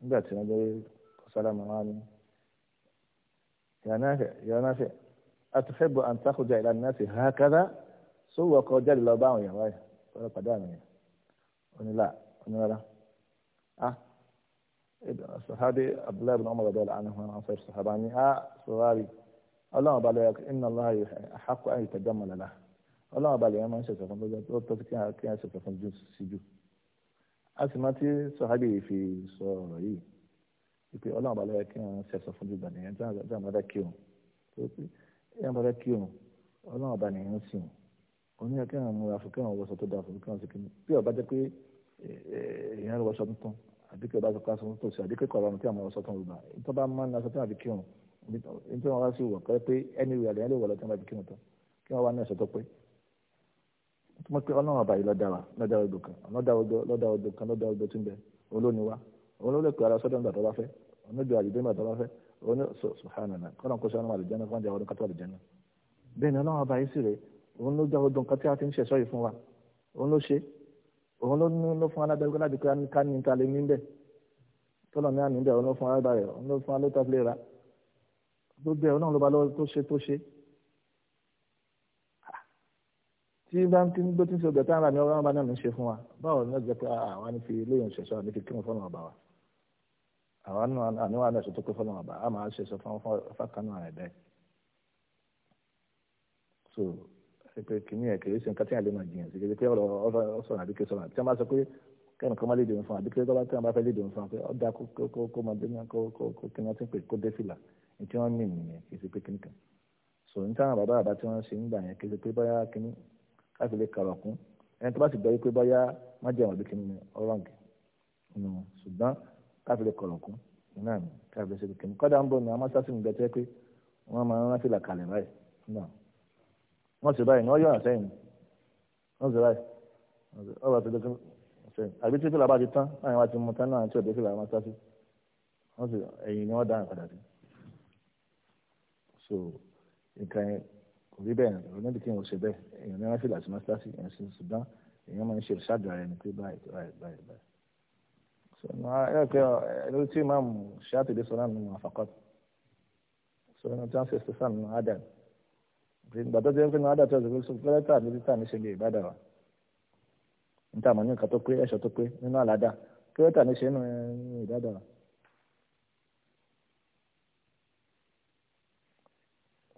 [SPEAKER 2] nígbà tí wọ́n dé sálámà wọn ni ya náṣà ya náṣà àtúfẹ́bù àǹtàkùjà ìlànà náà sì há kádà sówó ọkọ̀ jáde lọ bá àwọn èèyàn wáyà pàdé àwọn èèyàn onílà onílà أه عبد الله بن عمر رضي الله عنه صغاري a sọ ọ̀rọ̀ yìí wípé ọlọ́run ọba lọ́yọ̀ kí á ṣẹ̀ṣẹ̀ fún jù gbàdé yẹn tí àwọn bá èèyàn eh, lọ wọṣọ tuntun àdìkẹ́ bá sọ̀kọ́ aṣọ tuntun sí àdìkẹ́ kọ̀ ọ̀run tí àwọn wọṣọ tuntun gbà tó bá máa ń aṣọ tí wọ́n fi kírun nítorí wọn wá sí wọ̀ pé pé ẹni rẹ̀ lẹ́yìn lè wọ̀ lọ tí wọ́n fi kírun tán kí wọ́n wá ní aṣọ tó pé tó mọ̀ pé ọlọ́run àbáyé lọ́dà wa lọ́dà odò kan lọ́dà odò kan lọ́dà odò tún bẹ olóni wa olóni pè ara sọ́dọ̀ nígbà tó bá fẹ́ onídùú àdìdé nígbà tó bá fẹ́ oní sùhánàlá kọ́nà kó sọ́nà àlùjáná fún àjàwọ́ kátó àlùjáná bẹ́ẹ̀ ni ọlọ́run àbáyé sì rè òun ló jáwọ́ dùn kátó àti ń ṣẹ̀ṣọ́ yìí fún wa òun ló ṣe é òun ló ní ló fún alábẹ́rẹ́ láti kí ká ní ta lè ní bẹ́ẹ̀ tọ́lọ̀ ní àná bẹ́ẹ̀ òun ló fún alábẹ́rẹ́ òun ló fún alóta fúlẹ̀ ra tó bẹ́ẹ̀ òun náà ló bá lọ́wọ́ tó ṣe tó ṣe. tí bá ń tí gbé tí ń ṣe ọgbẹ́ tá à ń rà ní náà ń ṣe fún wa báwo ni ọjọ́ pé ah, àwa ní fi lóyún ṣẹ̀ṣọ́ àbí kí wọ́n fọ́nà ọ̀bà wa àwa àníwá náà ṣe tó sí pé kìíní ẹ̀ kìí ṣe nǹkan tí àlẹ́ máa jìyàn sí kìí pé ọ̀rọ̀ ọ̀sọ̀rọ̀ àbíkẹ́ sọ̀rọ̀ tí wọ́n bá sọ pé kẹ́hìn kan máa lè dòun fún àbí kí lọ́ba tí wọ́n bá fẹ́ lè dòun fún ọ da kó kó kó máa dé kó kó kó kí wọ́n ti pè kó dé fìlà ní tí wọ́n mì nìyẹn kì í ṣe pé kìíní kan so ní táwọn bàbá bàbá tí wọ́n ṣe ń gbà yẹn kì í ṣe pé báyà kìíní káfí lè kàrọ̀ kún ẹni tó bá sì gbọ́ pé báyà má jẹ́ àwọn àbí kìíní ni ọlọ́ǹgì nù ṣùgbọ́n káfí lè kọ̀rọ̀ kún náà káfí lè ṣe kìíní kọ́dà ń bọ̀ ní amásásí wọ́n ṣe báyìí ni wọ́n yọ̀nà sẹ́yìn wọ́n ṣe báyìí ọba tó dẹ́kun sẹ́yìn àbí tí fìlà bá ti tán láyìn wá ti mú tán náà tí ò dé fìlà wọn sásí wọ́n ṣe ẹ̀yìn ni wọ́n dáhùn padà sí. so nǹkan yẹn kò rí bẹ́ẹ̀ oníbi kí n ò ṣe bẹ́ẹ̀ èèyàn ní wọ́n fìlà sí mọ́sálásí èèyàn sì ṣùgbọ́n èèyàn máa ń ṣe ìṣáàdù ara ẹni pé báyìí báyìí báyìí báyìí. so ẹ pé lórí tí so ẹni tí wọ́n ṣe ṣe sáà ìgbà tó jẹ́ pé ní wàhálà tó ṣe fún pẹ́rẹ́tà ní títà ní ṣe lè bá dàrá níta àmọ́ ní nǹkan tó pé ẹ̀ṣọ́ tó pé nínú àládà pẹ́rẹ́tà ní ṣe nù ìdádàrá.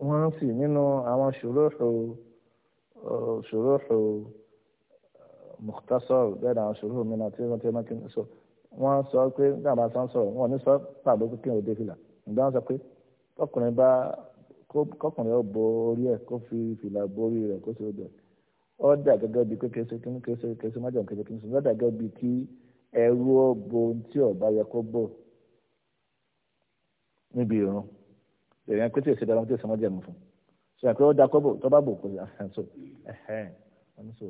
[SPEAKER 2] wọ́n sì nínú àwọn ṣòróṣò ṣòróṣò mukhtasar bẹ́ẹ̀ ni àwọn ṣòróṣò mìíràn tí wọ́n ti máa kí ni sọ wọ́n sọ pé nígbà máa sọ sọ̀rọ̀ wọ́n ní sọ pàdé pé kí n ò dé fìlà ìgbà wọn sọ pé tọkùnrin bá kọkùnrin ó bo orí ẹ̀ kó fi fìlà bo orí rẹ̀ kó ṣe ọdọ̀ ó dà gẹ́gẹ́ bíi pé kẹsẹ̀ kí kẹsẹ̀ kẹsẹ̀ má jẹun kẹsẹ̀ kí ó dà gẹ́gẹ́ bíi kí ẹrú ó bo ohun tí ọba yẹ kó bò níbi ìrún èèyàn pété ìṣẹ̀dá ọmọ tí ìṣẹ̀dá ọmọ jẹun fún ṣe àpé ó da kó bò tó bá bò kò sí àṣà so ẹ̀hẹ́n wọn sọ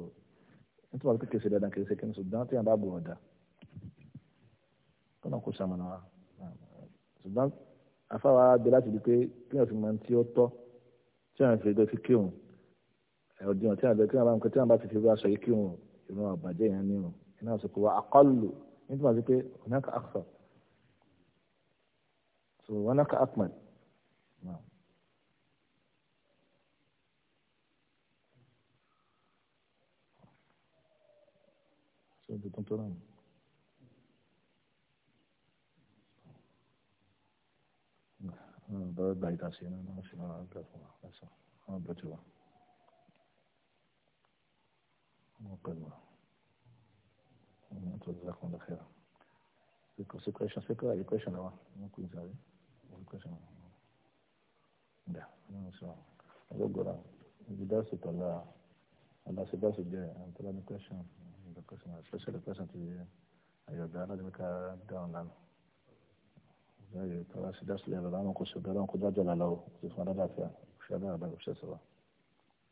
[SPEAKER 2] nítorí wọn kékeré ṣe dandan kì í ṣe kí ni ṣùgbọ́n tí wọn bá bò ọ̀dà kọ́nà kó ṣàmùnà wa ṣùgbọ́n afáwa bẹ láti di pé kí wọn fi mọ tí ó tọ́ tí wọn fi gbé fi kí òun ọdún tí wọn bẹ kí wọn bá ń pẹ tí wọn bá ti fi aṣọ yìí kí òun ìran àbàjẹ́ yẹn ní òun iná sọ pé wà aqallu nítorí wọn ti pé ọ̀nà ká àkàtà so wọn náà ká akmal. Tudo controlando. bọ́ọ̀ gba ìtàsí náà wọ́n sì máa ń bẹ̀ fún wa lẹ́sàn án bẹ̀ tí wa. wọ́n pẹ̀lú wa wọ́n tó dá kan lọ́fẹ́ rà. kò sí question sí kí wàá yí question lọ́wọ́ wọ́n kú ìsàlẹ̀ wọ́n kú question lọ́wọ́. ǹdà wọ́n sọ ọgọ́gọ́ra ibi dáàsì tọ́lá aláṣẹ dáàsì jẹ́ àǹtọ́lá ní question especially question ti ayọ̀dá aládùúgbò ká dáhùn lánàá. يعني ترى سداس لي هذا أنا قصة ده أنا قدر جل له كيف أنا ذاك يعني وش هذا هذا وش سوا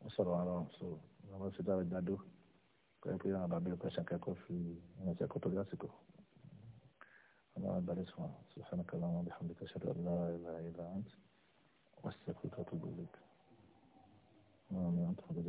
[SPEAKER 2] وصلوا على سو أنا سدار الدادو كان كذا أنا بعمل كذا كذا في أنا سأكون تجاسكو أنا بدرس سبحانك اللهم وبحمدك أشهد أن لا إله إلا أنت
[SPEAKER 1] أستغفرك وأتوب إليك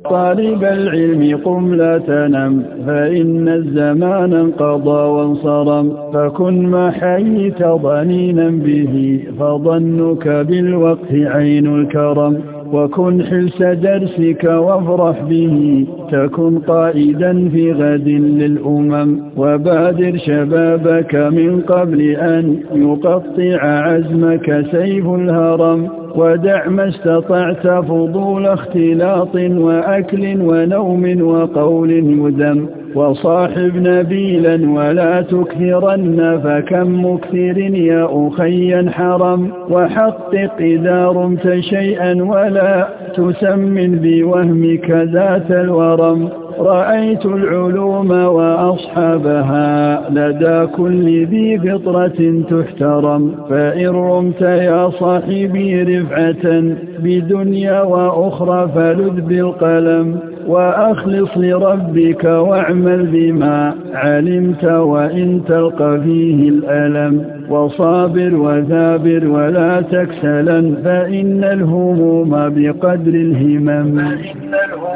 [SPEAKER 1] طالب العلم قم لا تنم فإن الزمان انقضى وانصرم فكن ما حييت ضنينا به فظنك بالوقت عين الكرم وكن حلس درسك وافرح به تكن قائدا في غد للأمم وبادر شبابك من قبل أن يقطع عزمك سيف الهرم ودع ما استطعت فضول اختلاط وأكل ونوم وقول مدم وصاحب نبيلا ولا تكثرن فكم مكثر يا أخي حرم وحقق إذا رمت شيئا ولا تسمن بوهمك ذات الورم رأيت العلوم وأصحابها لدى كل ذي فطرة تحترم فإن رمت يا صاحبي رفعة بدنيا وأخرى فلذ بالقلم وأخلص لربك واعمل بما علمت وإن تلقى فيه الألم وصابر وثابر ولا تكسلا فإن الهموم بقدر الهمم